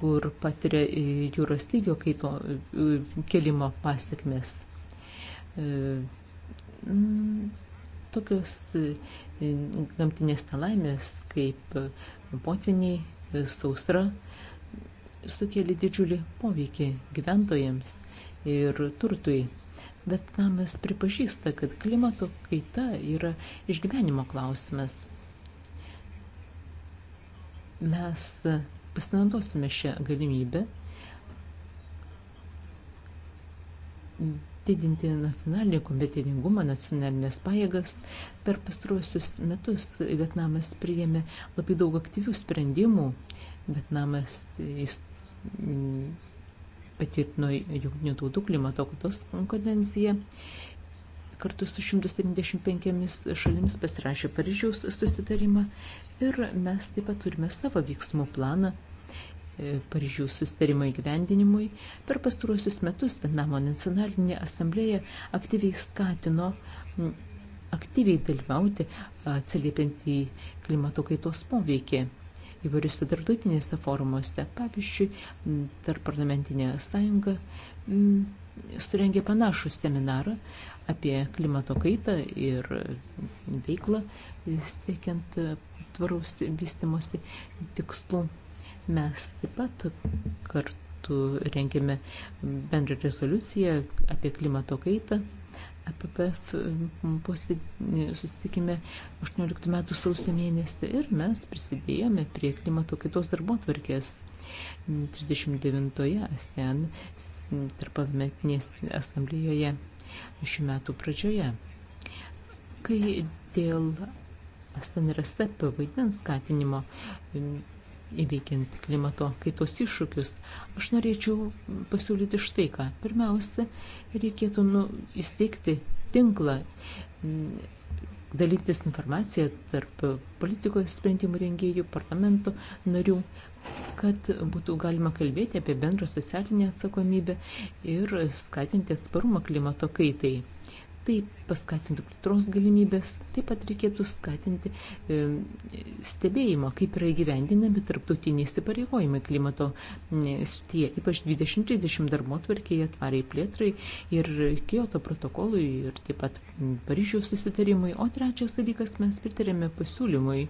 kur patiria e, jūros lygio kaito e, kelimo pasiekmes. Tokios gamtinės nelaimės kaip potviniai, sausra, sukėlė didžiulį poveikį gyventojams ir turtui. Vietnamas pripažįsta, kad klimato kaita yra išgyvenimo klausimas. Mes pasinaudosime šią galimybę didinti nacionalinį kompetentingumą, nacionalinės pajėgas. Per pastruosius metus Vietnamas priėmė labai daug aktyvių sprendimų. Vietnamas patvirtino Junktinių tautų klimato kodos konvenciją. Kartu su 175 šalimis pasirašė Paryžiaus susitarimą ir mes taip pat turime savo veiksmų planą e, Paryžiaus sustarimo įgyvendinimui, per pastaruosius metus Vietnamo nacionalinė asamblėja aktyviai skatino aktyviai dalyvauti atsiliepiant į klimato kaitos poveikį įvairiuose tarptautinėse forumuose. Pavyzdžiui, tarp parlamentinė sąjunga surengė panašų seminarą apie klimato kaitą ir veiklą siekiant tvaraus vystimosi tikslų. Mes taip pat kartu rengėme bendrą rezoliuciją apie klimato kaitą APPF e e, susitikime 18 metų sausio mėnesį ir mes prisidėjome prie klimato kitos darbo tvarkės. 39-oje ASEAN tarpavimetinės asamblėjoje šių metų pradžioje. Kai dėl ASEAN ir ASEP vaidmens skatinimo įveikiant klimato kaitos iššūkius, aš norėčiau pasiūlyti štai ką. Pirmiausia, reikėtų nu, įsteigti tinklą, mm, dalytis informaciją tarp politikos sprendimų rengėjų, parlamento narių, kad būtų galima kalbėti apie bendrą socialinę atsakomybę ir skatinti atsparumą klimato kaitai tai paskatintų plėtros galimybės, taip pat reikėtų skatinti e, stebėjimą, kaip yra įgyvendinami tarptautiniai įsipareigojimai klimato srityje, ypač 2030 darbo tvarkėje tvariai plėtrai ir Kyoto protokolui ir taip pat Paryžiaus susitarimui. O trečias dalykas, mes pritarėme pasiūlymui,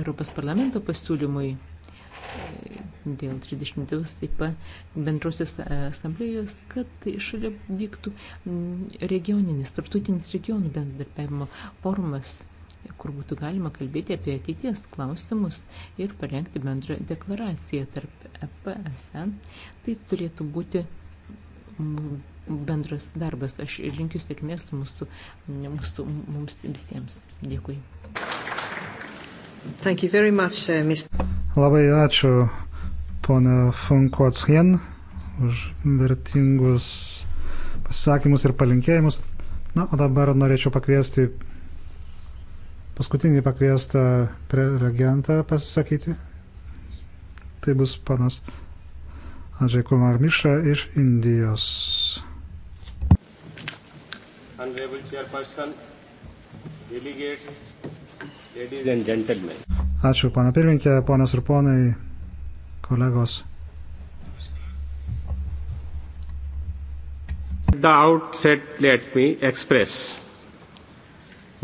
Europos parlamento pasiūlymui dėl 32 taip pat bendrosios e, asamblėjos, kad tai šalia vyktų mm, regioninis, tarptautinis regionų bendarbiavimo forumas, kur būtų galima kalbėti apie ateities klausimus ir parengti bendrą deklaraciją tarp EPSN. Tai turėtų būti mm, bendras darbas. Aš linkiu sėkmės mūsų, mūsų, mums visiems. Dėkui. Thank you very much, uh, Mr. Labai ačiū ponia Funkuotshien už vertingus pasisakymus ir palinkėjimus. Na, o dabar norėčiau pakviesti paskutinį pakviestą regentą pasisakyti. Tai bus panas Andžiai Kumar Miša iš Indijos. Honorable Chairperson, delegates, ladies and gentlemen. Ačiū, pana pirmininkė, ponios ir ponai, kolegos. the outset, let me express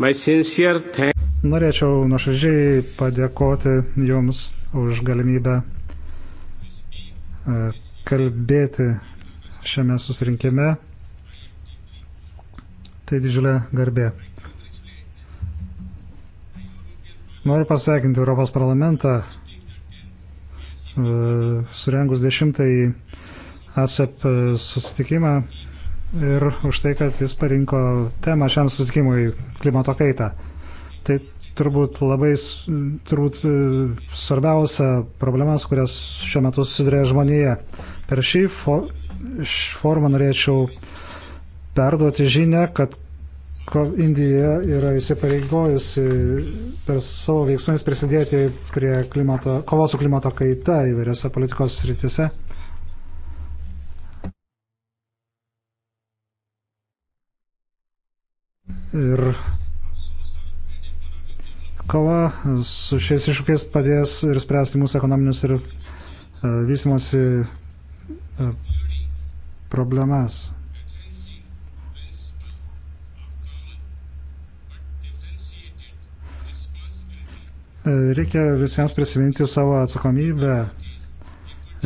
my sincere thanks. Norėčiau nuoširdžiai padėkoti Jums už galimybę e, kalbėti šiame susirinkime. Tai didžiulė garbė. Noriu pasveikinti Europos parlamentą, e, surengus dešimtąjį ASEP susitikimą ir už tai, kad jis parinko temą šiam susitikimui klimato kaitą. Tai turbūt labai turbūt e, svarbiausia problema, su kurias šiuo metu susidurė žmonėje. Per šį, fo, šį formą norėčiau perduoti žinę, kad Indija yra įsipareigojusi per savo veiksmais prisidėti prie klimato, kovos su klimato kaita įvairiose politikos sritise. Ir kova su šiais iššūkiais padės ir spręsti mūsų ekonominius ir e, vystimosi e, problemas. E, reikia visiems prisiminti savo atsakomybę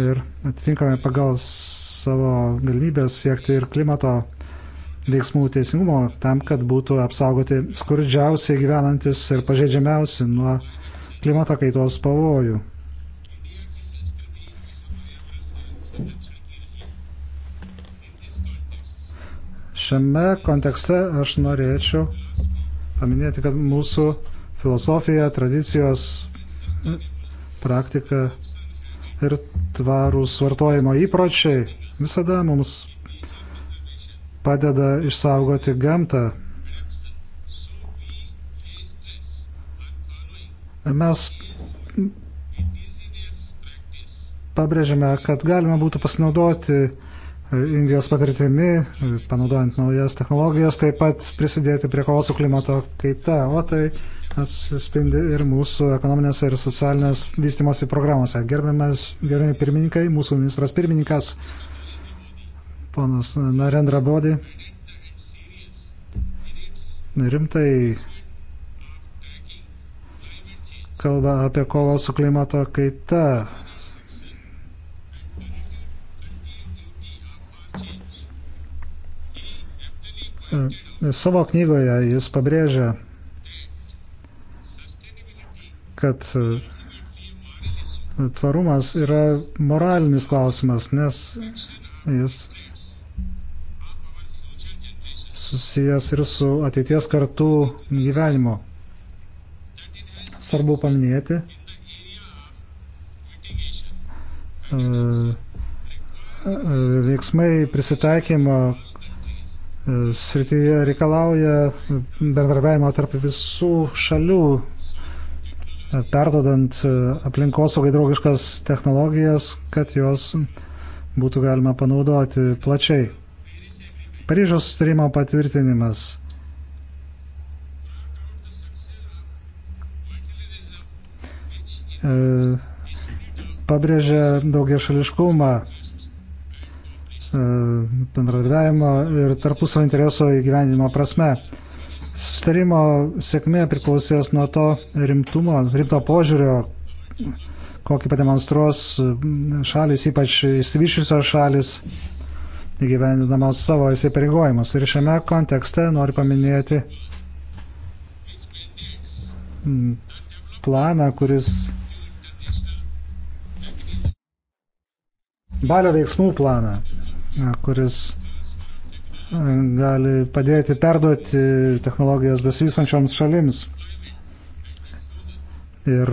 ir atitinkamai pagal savo galimybės siekti ir klimato veiksmų teisingumo tam, kad būtų apsaugoti skurdžiausiai gyvenantis ir pažeidžiamiausi nuo klimato kaitos pavojų. Šiame kontekste aš norėčiau paminėti, kad mūsų filosofija, tradicijos, praktika ir tvarūs vartojimo įpročiai visada mums padeda išsaugoti gamtą. Mes pabrėžiame, kad galima būtų pasinaudoti e, Indijos patirtimi, e, panaudojant naujas technologijas, taip pat prisidėti prie kovos su klimato kaita, o tai atsispindi ir mūsų ekonominėse ir socialinės vystimosi programose. Gerbiamas, gerbiami pirmininkai, mūsų ministras pirmininkas, ponas Narendra Bodi, rimtai kalba apie kovą su klimato kaita. Savo knygoje jis pabrėžia, kad e, tvarumas yra moralinis klausimas, nes jis susijęs ir su ateities kartų gyvenimu. Svarbu paminėti e, e, veiksmai prisitaikymo srityje reikalauja bendradarbiavimo tarp visų šalių perdodant e, aplinkosaugai draugiškas technologijas, kad jos būtų galima panaudoti plačiai. Paryžiaus sustarimo patvirtinimas. E, pabrėžia daugia šališkumą e, bendradarbiavimo ir tarpusavio intereso įgyvendinimo prasme. Sustarimo sėkmė priklausės nuo to rimtumo, rimto požiūrio, kokį pademonstruos šalis, ypač įsivyšiusios šalis, įgyvendinamos savo įsipareigojimus. Ir šiame kontekste noriu paminėti mm, planą, kuris. Balio veiksmų planą, kuris gali padėti perduoti technologijas besivysančioms šalims. Ir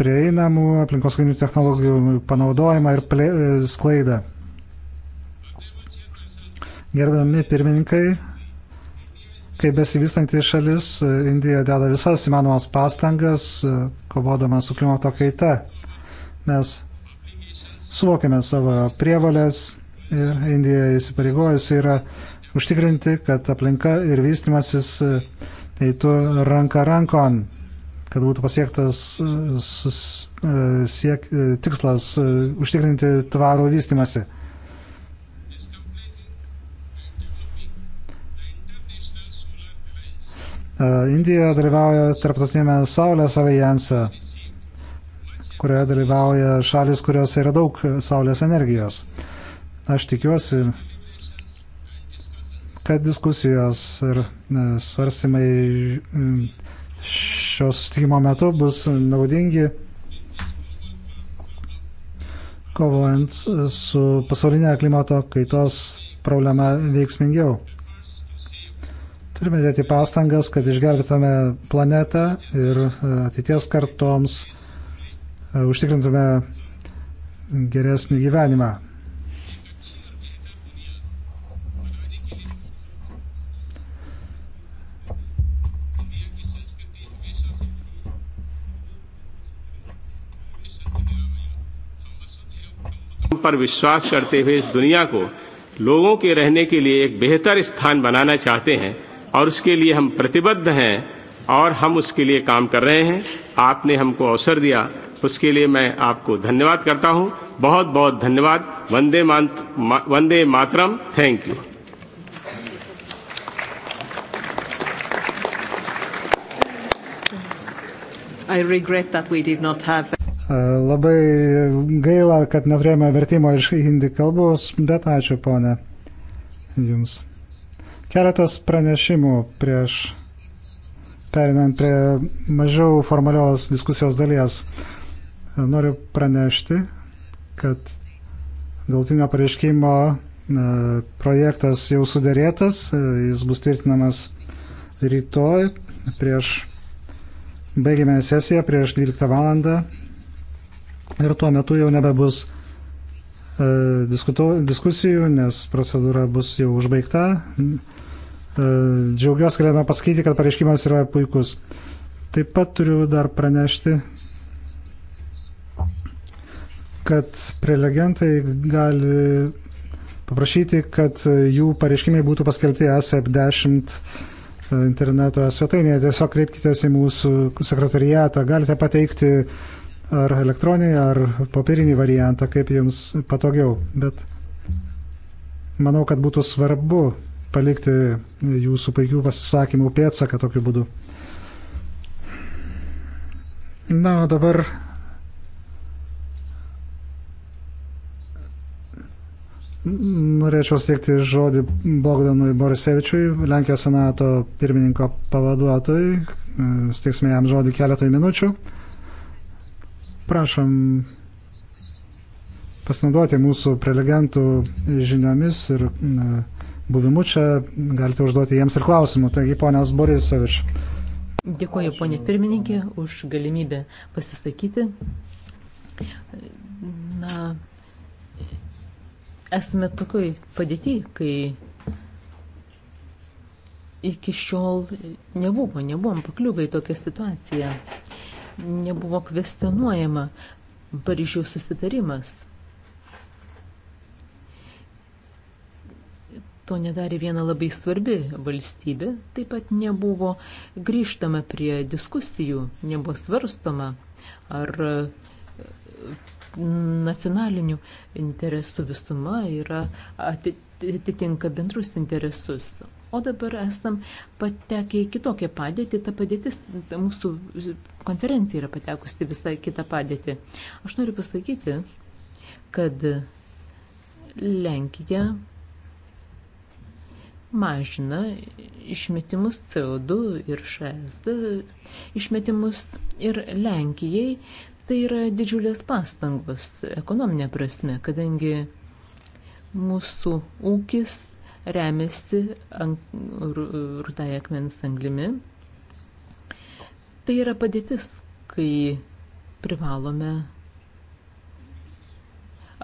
prieinamų aplinkosauginių technologijų panaudojimą ir plė, sklaidą. Gerbiami pirmininkai, kaip besivystanti šalis, Indija deda visas įmanomas pastangas, kovodama su klimato kaita. Mes suvokiame savo prievalės ir Indija įsipareigojusi yra užtikrinti, kad aplinka ir vystimasis e, eitų ranka rankon, kad būtų pasiektas e, sus, e, siek, tikslas užtikrinti tvarų vystimasi. Indija dalyvauja tarptautinėme Saulės alijanse, kurioje dalyvauja šalis, kuriuose yra daug Saulės energijos. Aš tikiuosi, kad diskusijos ir e, svarstymai e, šio sustikimo metu bus naudingi kovojant su pasaulinė klimato kaitos problema veiksmingiau. Turime dėti pastangas, kad išgelbėtume planetą ir e, ateities kartoms užtikrintume geresnį gyvenimą. पर विश्वास करते हुए इस दुनिया को लोगों के रहने के लिए एक बेहतर स्थान बनाना चाहते हैं और उसके लिए हम प्रतिबद्ध हैं और हम उसके लिए काम कर रहे हैं आपने हमको अवसर दिया उसके लिए मैं आपको धन्यवाद करता हूं बहुत बहुत धन्यवाद वंदे मात, मा, Vande Mataram thank you I regret that we did not have E, labai gaila, kad neturėjome vertimo iš hindi kalbos, bet ačiū, ponė, jums. Keletas pranešimų prieš perinant prie mažiau formalios diskusijos dalies. E, noriu pranešti, kad galtinio pareiškimo e, projektas jau sudėrėtas, jis bus tvirtinamas rytoj prieš Baigėme sesiją prieš 12 valandą ir tuo metu jau nebebus e, diskusijų, nes procedūra bus jau užbaigta. E, džiaugiuosi galėdama pasakyti, kad pareiškimas yra puikus. Taip pat turiu dar pranešti, kad prelegentai gali paprašyti, kad jų pareiškimai būtų paskelbti ASEP 10 e, interneto svetainėje. Tiesiog kreipkite į mūsų sekretariatą, galite pateikti ar elektroninį, ar popierinį variantą, kaip jums patogiau. Bet manau, kad būtų svarbu palikti jūsų puikių pasisakymų pėtsaką tokiu būdu. Na, o dabar norėčiau steigti žodį Bogdanui Borisevičiui, Lenkijos senato pirmininko pavaduotojui. Steigsime jam žodį keletoj minučių. Prašom pasinaudoti mūsų prelegentų žiniomis ir buvimu čia, galite užduoti jiems ir klausimų. Taigi, ponas Borisovič. Dėkuoju, ponė pirmininkė, už galimybę pasisakyti. Na, esame tokioj padėti, kai iki šiol nebuvo, nebuvom pakliuvę į tokią situaciją, nebuvo kvestionuojama Paryžiaus susitarimas. To nedarė viena labai svarbi valstybė, taip pat nebuvo grįžtama prie diskusijų, nebuvo svarstoma, ar e, nacionalinių interesų visuma yra atitinka bendrus interesus. O dabar esam patekę į kitokią padėtį, ta padėtis, ta mūsų konferencija yra patekusi visai kitą padėtį. Aš noriu pasakyti, kad Lenkija mažina išmetimus CO2 ir ŠSD išmetimus ir Lenkijai tai yra didžiulės pastangos ekonominė prasme, kadangi mūsų ūkis remiasi rudąją akmens anglimi. Tai yra padėtis, kai privalome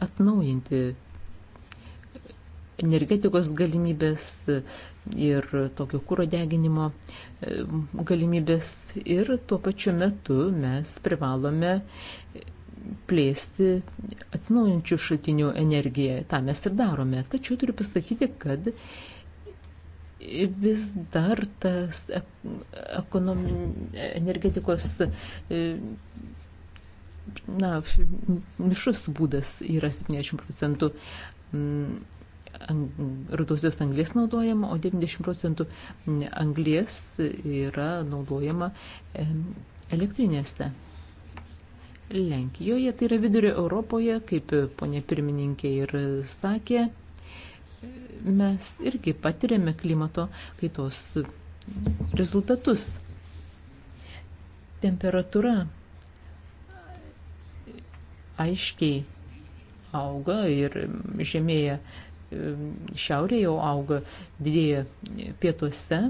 atnaujinti energetikos galimybės ir tokio kūro deginimo e, galimybės ir tuo pačiu metu mes privalome plėsti atsinaujančių šaltinių energiją. Ta mes ir darome. Tačiau turiu pasakyti, kad vis dar tas ekonom... energetikos e, na, mišus būdas yra 70 procentų mm, rudosios anglės naudojama, o 90 procentų mm, anglės yra naudojama elektrinėse. Lenkijoje, tai yra vidurio Europoje, kaip ponė pirmininkė ir sakė, mes irgi patiriame klimato kaitos rezultatus. Temperatūra aiškiai auga ir žemėja šiaurėje, auga didėja pietuose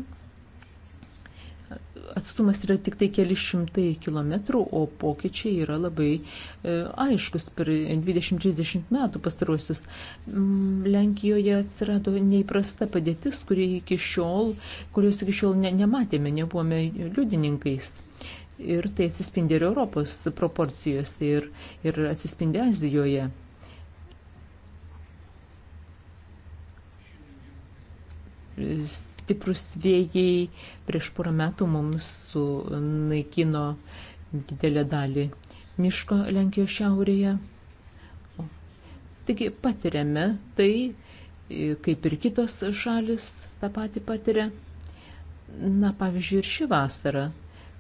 Atstumas yra tik tai keli šimtai kilometrų, o pokyčiai yra labai e, aiškus per 20-30 metų pastaruosius. Mm, Lenkijoje atsirado neįprasta padėtis, iki šiol, kurios iki šiol ne, nematėme, nebuvome liudininkais. Ir tai atsispindi ir Europos proporcijose, ir, ir atsispindi Azijoje. S stiprus vėjai prieš porą metų mums sunaikino didelę dalį miško Lenkijos šiaurėje. Taigi patiriame tai, e, kaip ir kitos šalis tą patį patiria. Na, pavyzdžiui, ir šį vasarą,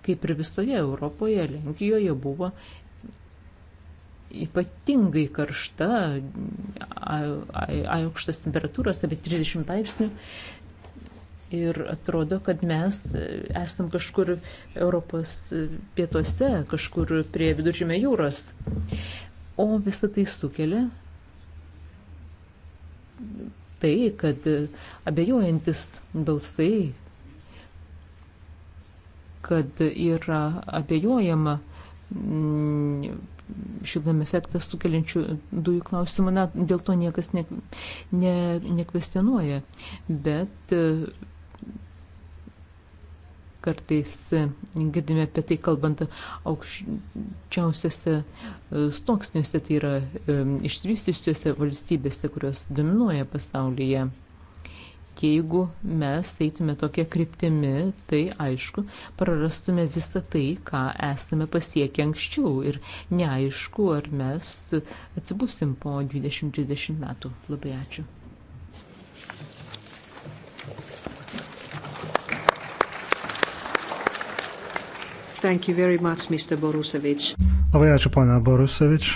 kaip ir visoje Europoje, Lenkijoje buvo ypatingai karšta, aukštas temperatūros apie 30 laipsnių Ir atrodo, kad mes e, esam kažkur Europos e, pietuose, kažkur prie viduržymė jūros. O visą tai sukelia tai, kad e, abejojantis balsai, kad yra abejojama mm, šiltnamio efektą sukeliančių dujų klausimų, na, dėl to niekas ne, ne, nekvestionuoja. Bet kartais girdime apie tai kalbant aukščiausiuose e, stoksniuose, tai yra e, išsivystysiuose valstybėse, kurios dominuoja pasaulyje. Jeigu mes eitume tokia kryptimi, tai aišku, prarastume visą tai, ką esame pasiekę anksčiau ir neaišku, ar mes atsibusim po 20-30 metų. Labai ačiū. Thank you very much, Mr. Borusevič. Labai ačiū, ponia Borusevič.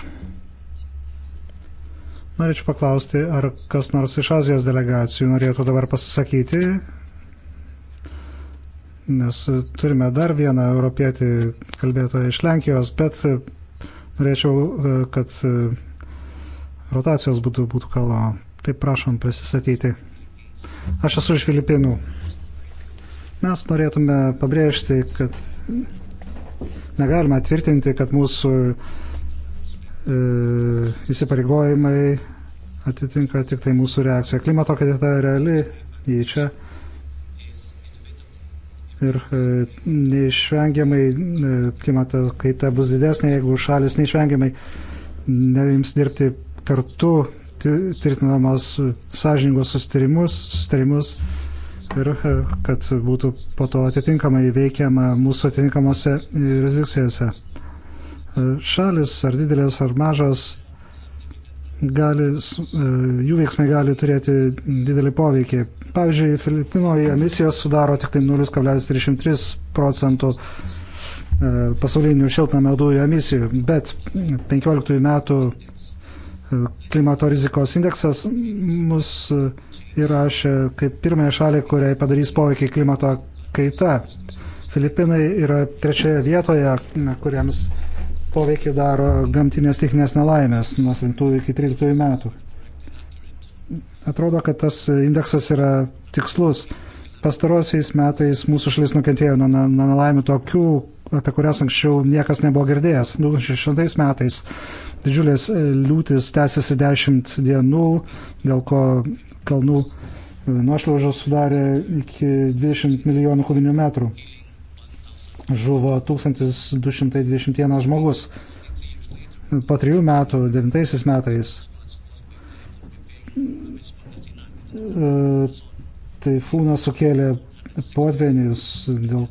Norėčiau paklausti, ar kas nors iš Azijos delegacijų norėtų dabar pasisakyti, nes turime dar vieną europietį kalbėtoją iš Lenkijos, bet norėčiau, e, kad e, rotacijos būtų, būtų kalbama. Tai prašom prisistatyti. Aš esu iš Filipinų. Mes norėtume pabrėžti, kad Negalima tvirtinti, kad mūsų e, įsipareigojimai atitinka tik tai mūsų reakcija. Klimato kaita reali, jį čia. Ir e, neišvengiamai e, klimato kaita bus didesnė, jeigu šalis neišvengiamai neims dirbti kartu tvirtinamos sąžiningos sustarimus, sustarimus ir e, kad būtų po to atitinkamai veikiama mūsų atitinkamose jurisdikcijose. E, šalis ar didelės ar mažos, gali, e, jų veiksmai gali turėti didelį poveikį. Pavyzdžiui, Filipinoje emisijos sudaro tik tai 0,33 procentų pasaulinių šiltnamio dujų emisijų, bet 15 metų klimato rizikos indeksas mus įrašė kaip pirmąją šalį, kuriai padarys poveikį klimato kaita. Filipinai yra trečioje vietoje, kuriems poveikį daro gamtinės techninės nelaimės nuo 7 iki 13 metų. Atrodo, kad tas indeksas yra tikslus. Pastarosiais metais mūsų šalis nukentėjo nuo nelaimių tokių, apie kurias anksčiau niekas nebuvo girdėjęs. 2006 metais didžiulės e, liūtis tęsiasi 10 dienų, dėl ko kalnų e, nuošliaužos sudarė iki 20 milijonų kubinių metrų. Žuvo 1221 žmogus. Po trijų metų, devintaisiais metais, e, taifūnas sukėlė potvenius, dėl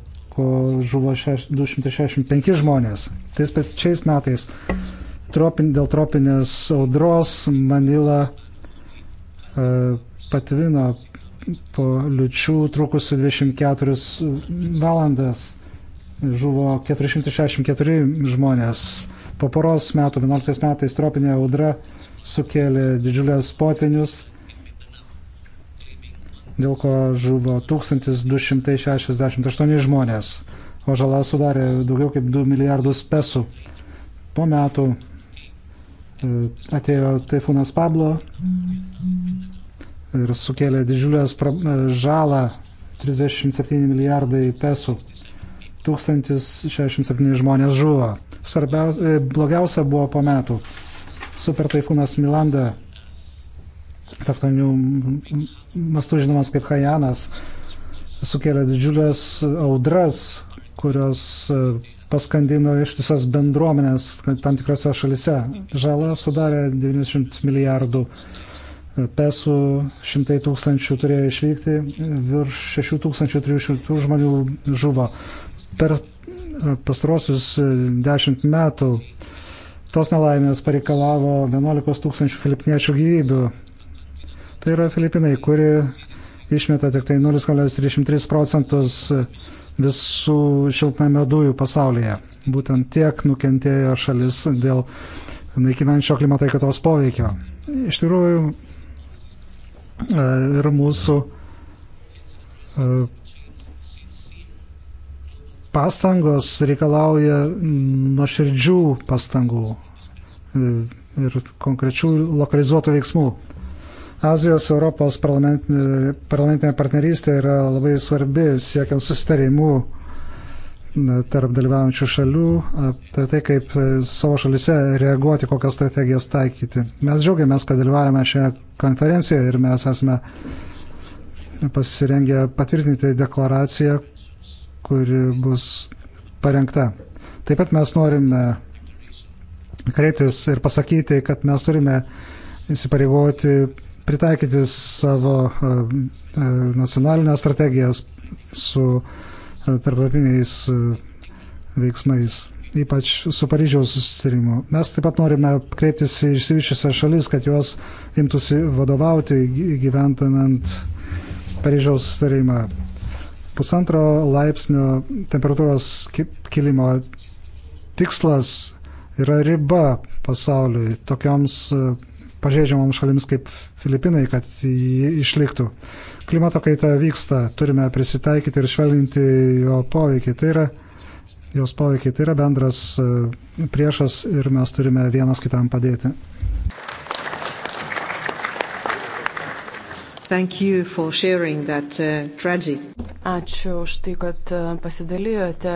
žuvo 265 žmonės. Tais pačiais metais tropin, dėl tropinės audros Manila e, patvino po liučių trukusių 24 valandas. Žuvo 464 žmonės. Po poros metų, 11 metais, tropinė audra sukėlė didžiulės potvinius dėl ko žuvo 1268 žmonės, o žala sudarė daugiau kaip 2 milijardus pesų. Po metų e, atėjo taifūnas Pablo ir sukėlė didžiulę e, žalą 37 milijardai pesų. 1067 žmonės žuvo. Svarbiausia, e, blogiausia buvo po metų. Super taifūnas Milanda tarptautinių mastų žinomas kaip Hajanas, sukėlė didžiulės audras, kurios e, paskandino ištisas bendruomenės tam tikrose šalise. Žala sudarė 90 milijardų e, pesų, šimtai tūkstančių turėjo išvykti, virš 6300 žmonių žuvo. Per e, pastarosius 10 metų tos nelaimės pareikalavo 11 tūkstančių filipiniečių gyvybių, Tai yra Filipinai, kuri išmeta tik tai 0,33 procentus visų šiltnamio dujų pasaulyje. Būtent tiek nukentėjo šalis dėl naikinančio klimato kaitos poveikio. Iš tikrųjų, e, ir mūsų e, pastangos reikalauja nuoširdžių pastangų e, ir konkrečių lokalizuotų veiksmų. Azijos Europos parlamentinė, parlamentinė partnerystė yra labai svarbi siekiant susitarimų tarp dalyvaujančių šalių, tai, tai kaip e, savo šalise reaguoti, kokias strategijas taikyti. Mes džiaugiamės, kad dalyvaujame šioje konferencijoje ir mes esame pasirengę patvirtinti deklaraciją, kuri bus parengta. Taip pat mes norime kreiptis ir pasakyti, kad mes turime įsipareigoti pritaikyti savo e, e, nacionalinės strategijas su e, tarptautiniais veiksmais, ypač su Paryžiaus susitarimu. Mes taip pat norime kreiptis į išsivyščiusią šalis, kad juos imtųsi vadovauti gyventinant Paryžiaus susitarimą. Pusantro laipsnio temperatūros kilimo tikslas yra riba pasauliui tokioms pažeidžiamoms šalims kaip Filipinai, kad jį išliktų. Klimato kaita vyksta, turime prisitaikyti ir švelninti jo poveikį. Tai yra, jos poveikį tai yra bendras e, priešas ir mes turime vienas kitam padėti. Uh, Tragic... Ačiū už tai, kad e, pasidalijote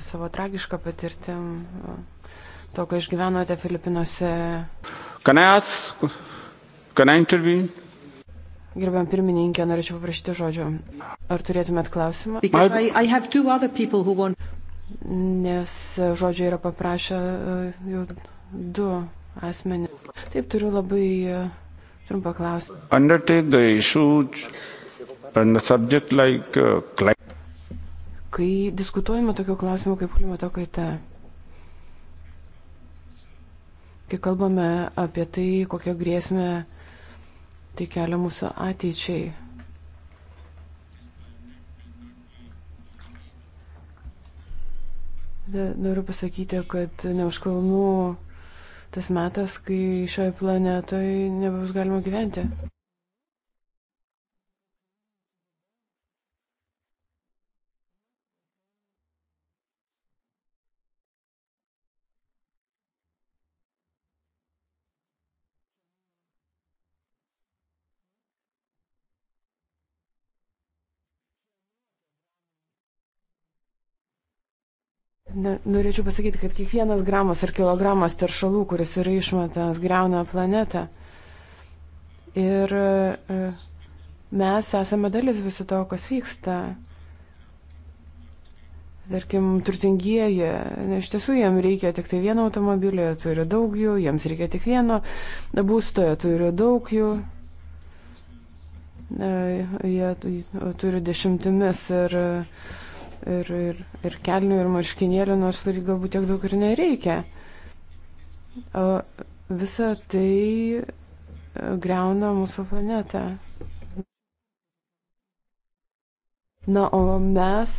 savo tragišką patirtim, e, to, ką išgyvenote Filipinuose. Can I ask, can I intervene? Gerbiam pirmininkė, norėčiau paprašyti žodžio. Ar turėtumėt klausimą? I, I want... Nes e, žodžio yra paprašę e, jau du asmenį. Taip, turiu labai e, trumpą klausimą. Uh, Kai diskutuojame tokiu klausimu kaip klimato kaita, kai kalbame apie tai, kokią grėsmę tai kelia mūsų ateičiai. Noriu pasakyti, kad neužkalnų tas metas, kai šioje planetoje nebus galima gyventi. Ne, norėčiau pasakyti, kad kiekvienas gramas ar kilogramas teršalų, kuris yra išmetamas, greuna planetą. Ir e, mes esame dalis viso to, kas vyksta. Tarkim, turtingieji, ne, iš tiesų jiems reikia tik tai vieno automobilio, turi daug jų, jiems reikia tik vieno būsto, turi daug jų. E, jie turi dešimtimis ir. Ir ir, ir, ir kelnių, ir marškinėlių, nors ir galbūt tiek daug ir nereikia. Visa tai e, greuna mūsų planetą. Na, o mes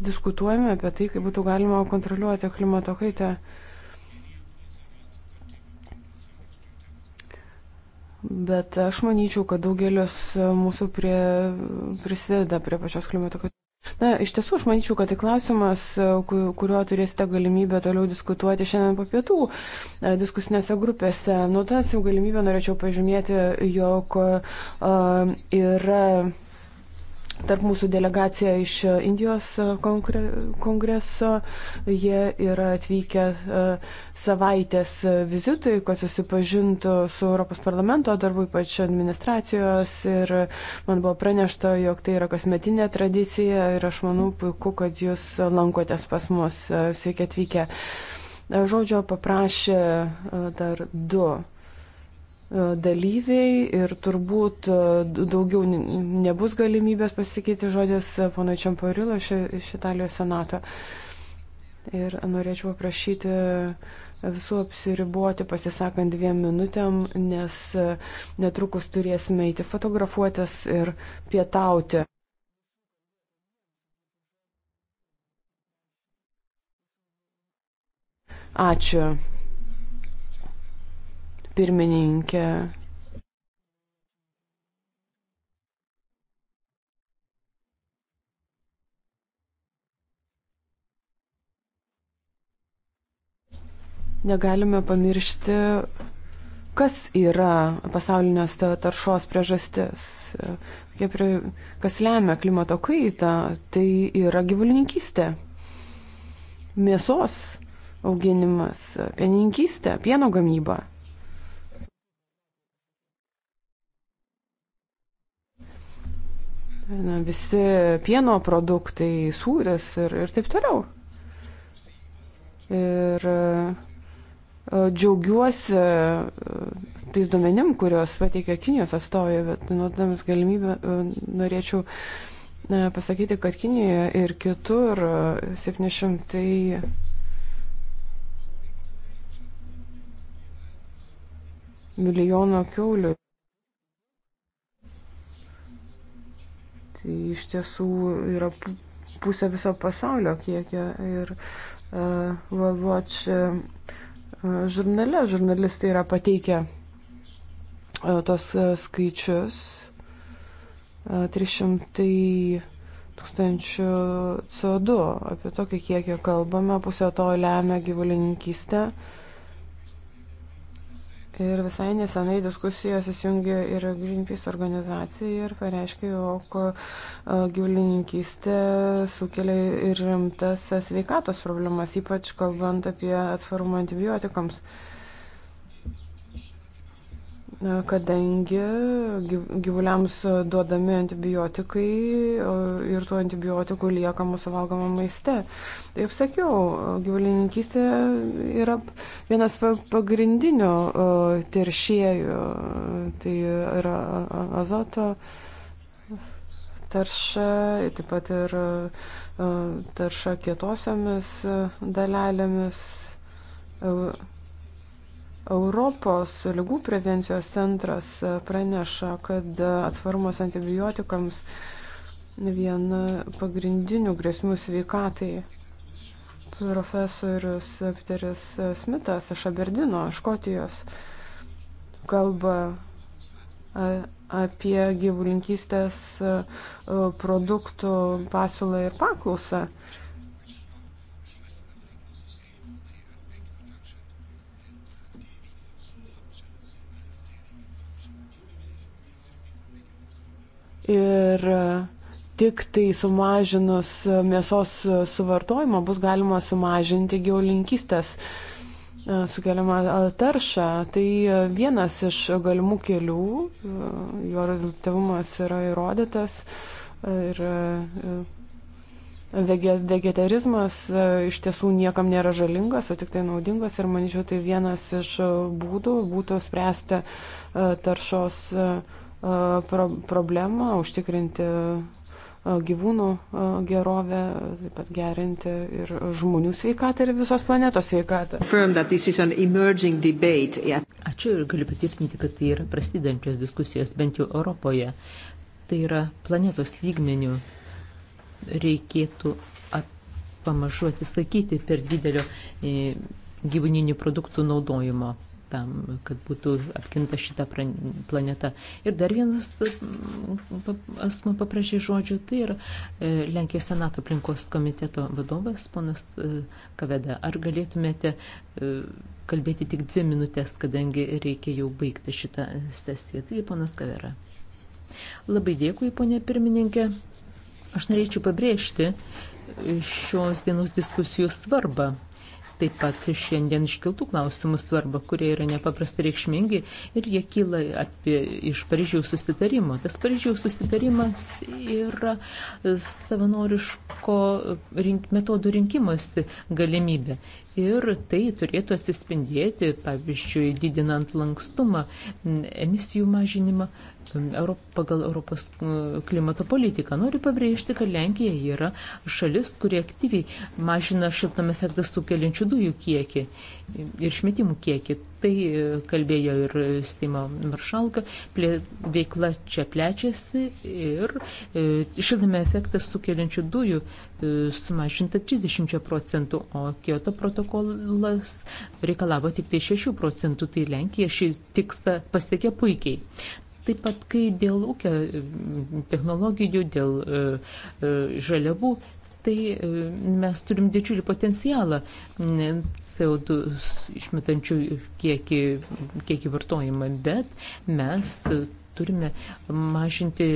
diskutuojame apie tai, kaip būtų galima kontroliuoti klimato kaitą. Bet aš manyčiau, kad daugelis mūsų prie, prisideda prie pačios klimato kaitos. Na, iš tiesų, aš manyčiau, kad tai klausimas, e, kuriuo turėsite galimybę toliau diskutuoti šiandien po pietų e, diskusinėse grupėse. Nu, tas jau galimybę norėčiau pažymėti, jog uh, yra tarp mūsų delegacija iš Indijos e, kongre, kongreso. Jie yra atvykę e, savaitės vizitui, kad susipažintų su Europos parlamento darbu, ypač administracijos. Ir man buvo pranešta, jog tai yra kasmetinė tradicija ir aš manau puiku, kad jūs lankotės pas mus. E, sveiki atvykę. Žodžio paprašė dar du dalyviai ir turbūt e, daugiau nebus galimybės pasakyti žodis pono Čamparilo iš Italijos senato. Ir norėčiau paprašyti visų apsiriboti, pasisakant dviem minutėm, nes e, netrukus turėsime eiti fotografuotis ir pietauti. Ačiū pirmininkė. Negalime pamiršti, kas yra pasaulinės taršos priežastis, kas lemia klimato kaitą, tai yra gyvulininkystė, mėsos auginimas, pieninkystė, pieno gamyba. na, visi pieno produktai, sūris ir, ir taip toliau. Ir e, džiaugiuosi e, tais duomenim, kuriuos pateikia Kinijos atstovai, bet nuodamas galimybę e, norėčiau pasakyti, kad Kinijoje ir kitur 700. milijono keulių. Tai iš tiesų yra pusė viso pasaulio kiekio. Ir uh, e, World Watch uh, žurnale žurnalistai yra pateikę uh, tos uh, skaičius. Uh, 300 tūkstančių CO2. Apie tokį kiekį kalbame. Pusė to lemia gyvulininkystė. Uh, Ir visai nesenai diskusijos įsijungė ir Greenpeace organizacija ir pareiškė, jog gyvulininkystė sukelia ir rimtas sveikatos problemas, ypač kalbant apie atsparumą antibiotikams. Uh, kadangi gyvuliams duodami antibiotikai ir tų antibiotikų lieka mūsų valgoma maiste. Taip sakiau, gyvulininkystė yra vienas pagrindinių teršėjų, tai yra azoto tarša, taip pat ir tarša kietosiomis dalelėmis e, Europos lygų prevencijos centras praneša, kad atsvarumas antibiotikams viena pagrindinių grėsmių sveikatai. Profesorius Peteris Smitas iš Aberdino, Škotijos, kalba apie gyvulinkystės produktų pasiūlą ir paklausą. ir tik tai sumažinus mėsos suvartojimą bus galima sumažinti gyvulinkystės e, sukeliamą e, taršą. Tai vienas iš galimų kelių, e, jo rezultatyvumas yra įrodytas ir vegetarizmas iš tiesų niekam nėra žalingas, o tik tai naudingas ir manyčiau tai vienas iš būdų būtų spręsti taršos pro problemą, užtikrinti gyvūnų gerovę, taip pat gerinti ir žmonių sveikatą ir visos planetos sveikatą. Ačiū ir galiu patvirtinti, kad tai yra prasidedančios diskusijos bent jau Europoje. Tai yra planetos lygmenių reikėtų pamažu atsisakyti per didelio e, gyvūninių produktų naudojimo tam, kad būtų apginta šita planeta. Ir dar vienas mm, asmo paprašė žodžių, tai yra e, Lenkijos Senato aplinkos komiteto vadovas, ponas e, Kaveda. Ar galėtumėte e, kalbėti tik dvi minutės, kadangi reikia jau baigti šitą sesiją. Tai ponas Kavera. Labai dėkui, ponė pirmininkė. Aš norėčiau pabrėžti šios dienos diskusijų svarbą taip pat šiandien iškiltų klausimų svarbą, kurie yra nepaprastai reikšmingi ir jie kyla apie, iš Paryžiaus susitarimo. Tas Paryžiaus susitarimas yra savanoriško rink, metodų rinkimosi galimybė. Ir tai turėtų atsispindėti, pavyzdžiui, didinant lankstumą, emisijų mažinimą, pagal Europos klimato politiką. Noriu pabrėžti, kad Lenkija yra šalis, kurie aktyviai mažina šiltam efektą sukeliančių dujų kiekį ir išmetimų kiekį. Tai e, kalbėjo ir Seimo maršalka, veikla čia plečiasi ir e, šiltame efektą sukeliančių dujų e, sumažinta 30 procentų, o Kyoto protokolas reikalavo tik tai 6 procentų, tai Lenkija šį tikslą pasiekė puikiai. Taip pat, kai dėl ūkio technologijų, dėl e, e, žaliavų, tai e, mes turim didžiulį potencialą CO2 išmetančių kiekį, kiekį vartojimą, bet mes turime mažinti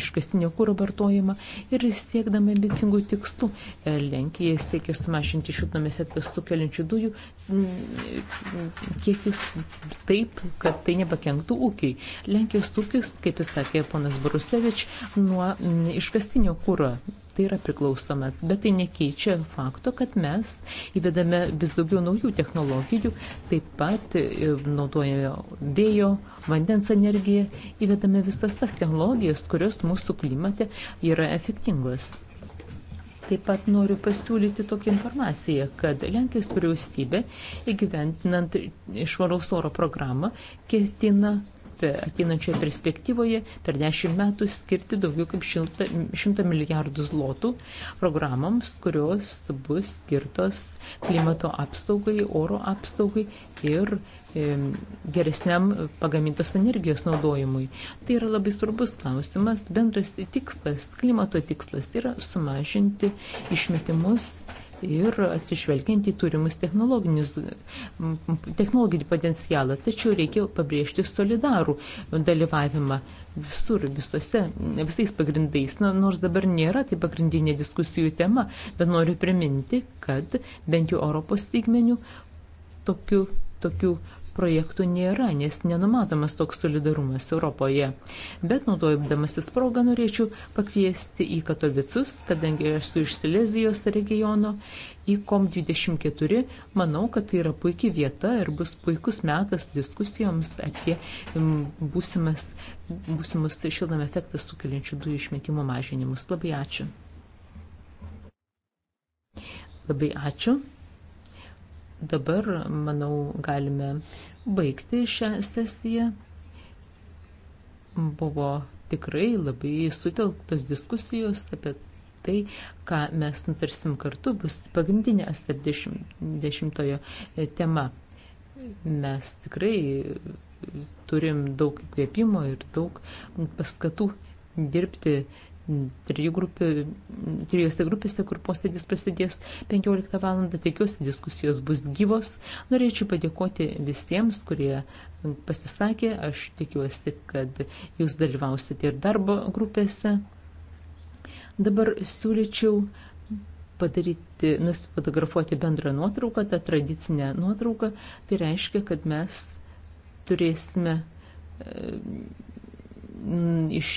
iškastinio kūro vartojimą ir siekdami ambicingų tikslų. E, Lenkija siekia sumažinti šiltnamio efektą sukeliančių dujų mm, kiekis taip, kad tai nepakenktų ūkiai. Lenkijos ūkis, kaip jis sakė ponas Borusevič, nuo mm, iškastinio kūro tai yra priklausoma, bet tai nekeičia fakto, kad mes įvedame vis daugiau naujų technologijų, taip pat e, naudojame vėjo, vandens energiją, įvedame visas tas technologijas, kurios mūsų klimate yra efektingos. Taip pat noriu pasiūlyti tokią informaciją, kad Lenkijos vyriausybė įgyventinant švaraus oro programą ketina atinančioje perspektyvoje per 10 metų skirti daugiau kaip 100, 100 milijardų zlotų programams, kurios bus skirtos klimato apsaugai, oro apsaugai ir geresniam pagamintos energijos naudojimui. Tai yra labai svarbus klausimas. Bendras tikslas, klimato tikslas yra sumažinti išmetimus ir atsižvelgiant į turimus technologinį potencialą. Tačiau reikia pabrėžti solidarų dalyvavimą visur, visose, visais pagrindais. Na, nors dabar nėra tai pagrindinė diskusijų tema, bet noriu priminti, kad bent jau Europos lygmenių tokių, tokių projektų nėra, nes nenumatomas toks solidarumas Europoje. Bet naudojamasis progą norėčiau pakviesti į Katovicus, kadangi aš esu iš Silezijos regiono, į COM24. Manau, kad tai yra puikia vieta ir bus puikus metas diskusijoms apie būsimas, būsimus šildomą efektą sukeliančių dujų išmetimo mažinimus. Labai ačiū. Labai ačiū dabar, manau, galime baigti šią sesiją. Buvo tikrai labai sutelktos diskusijos apie tai, ką mes nutarsim kartu, bus pagrindinė ASEP 10 tema. Mes tikrai turim daug įkvėpimo ir daug paskatų dirbti trijų grupių, trijose grupėse, kur posėdis prasidės 15 val. Tikiuosi diskusijos bus gyvos. Norėčiau padėkoti visiems, kurie pasisakė. Aš tikiuosi, kad jūs dalyvausite ir darbo grupėse. Dabar siūlyčiau padaryti, nusifotografuoti bendrą nuotrauką, tą tradicinę nuotrauką. Tai reiškia, kad mes turėsime e, iš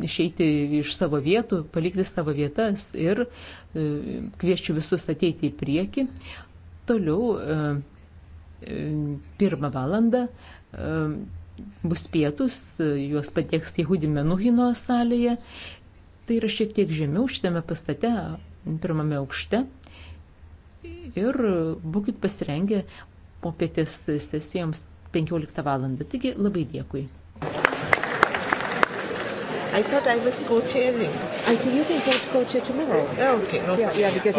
išeiti iš savo vietų, palikti savo vietas ir e, kviečiu visus ateiti į priekį. Toliau e, e, pirmą valandą bus pietus, juos patieks Jehudi Menuhino salėje. Tai yra šiek tiek žemiau šitame pastate, pirmame aukšte. Ir būkite pasirengę popietės sesijoms 15 valandą. Taigi labai dėkui. I thought I was co-chairing. I think you can co-chair tomorrow. Okay, no yeah, problem. Yeah, because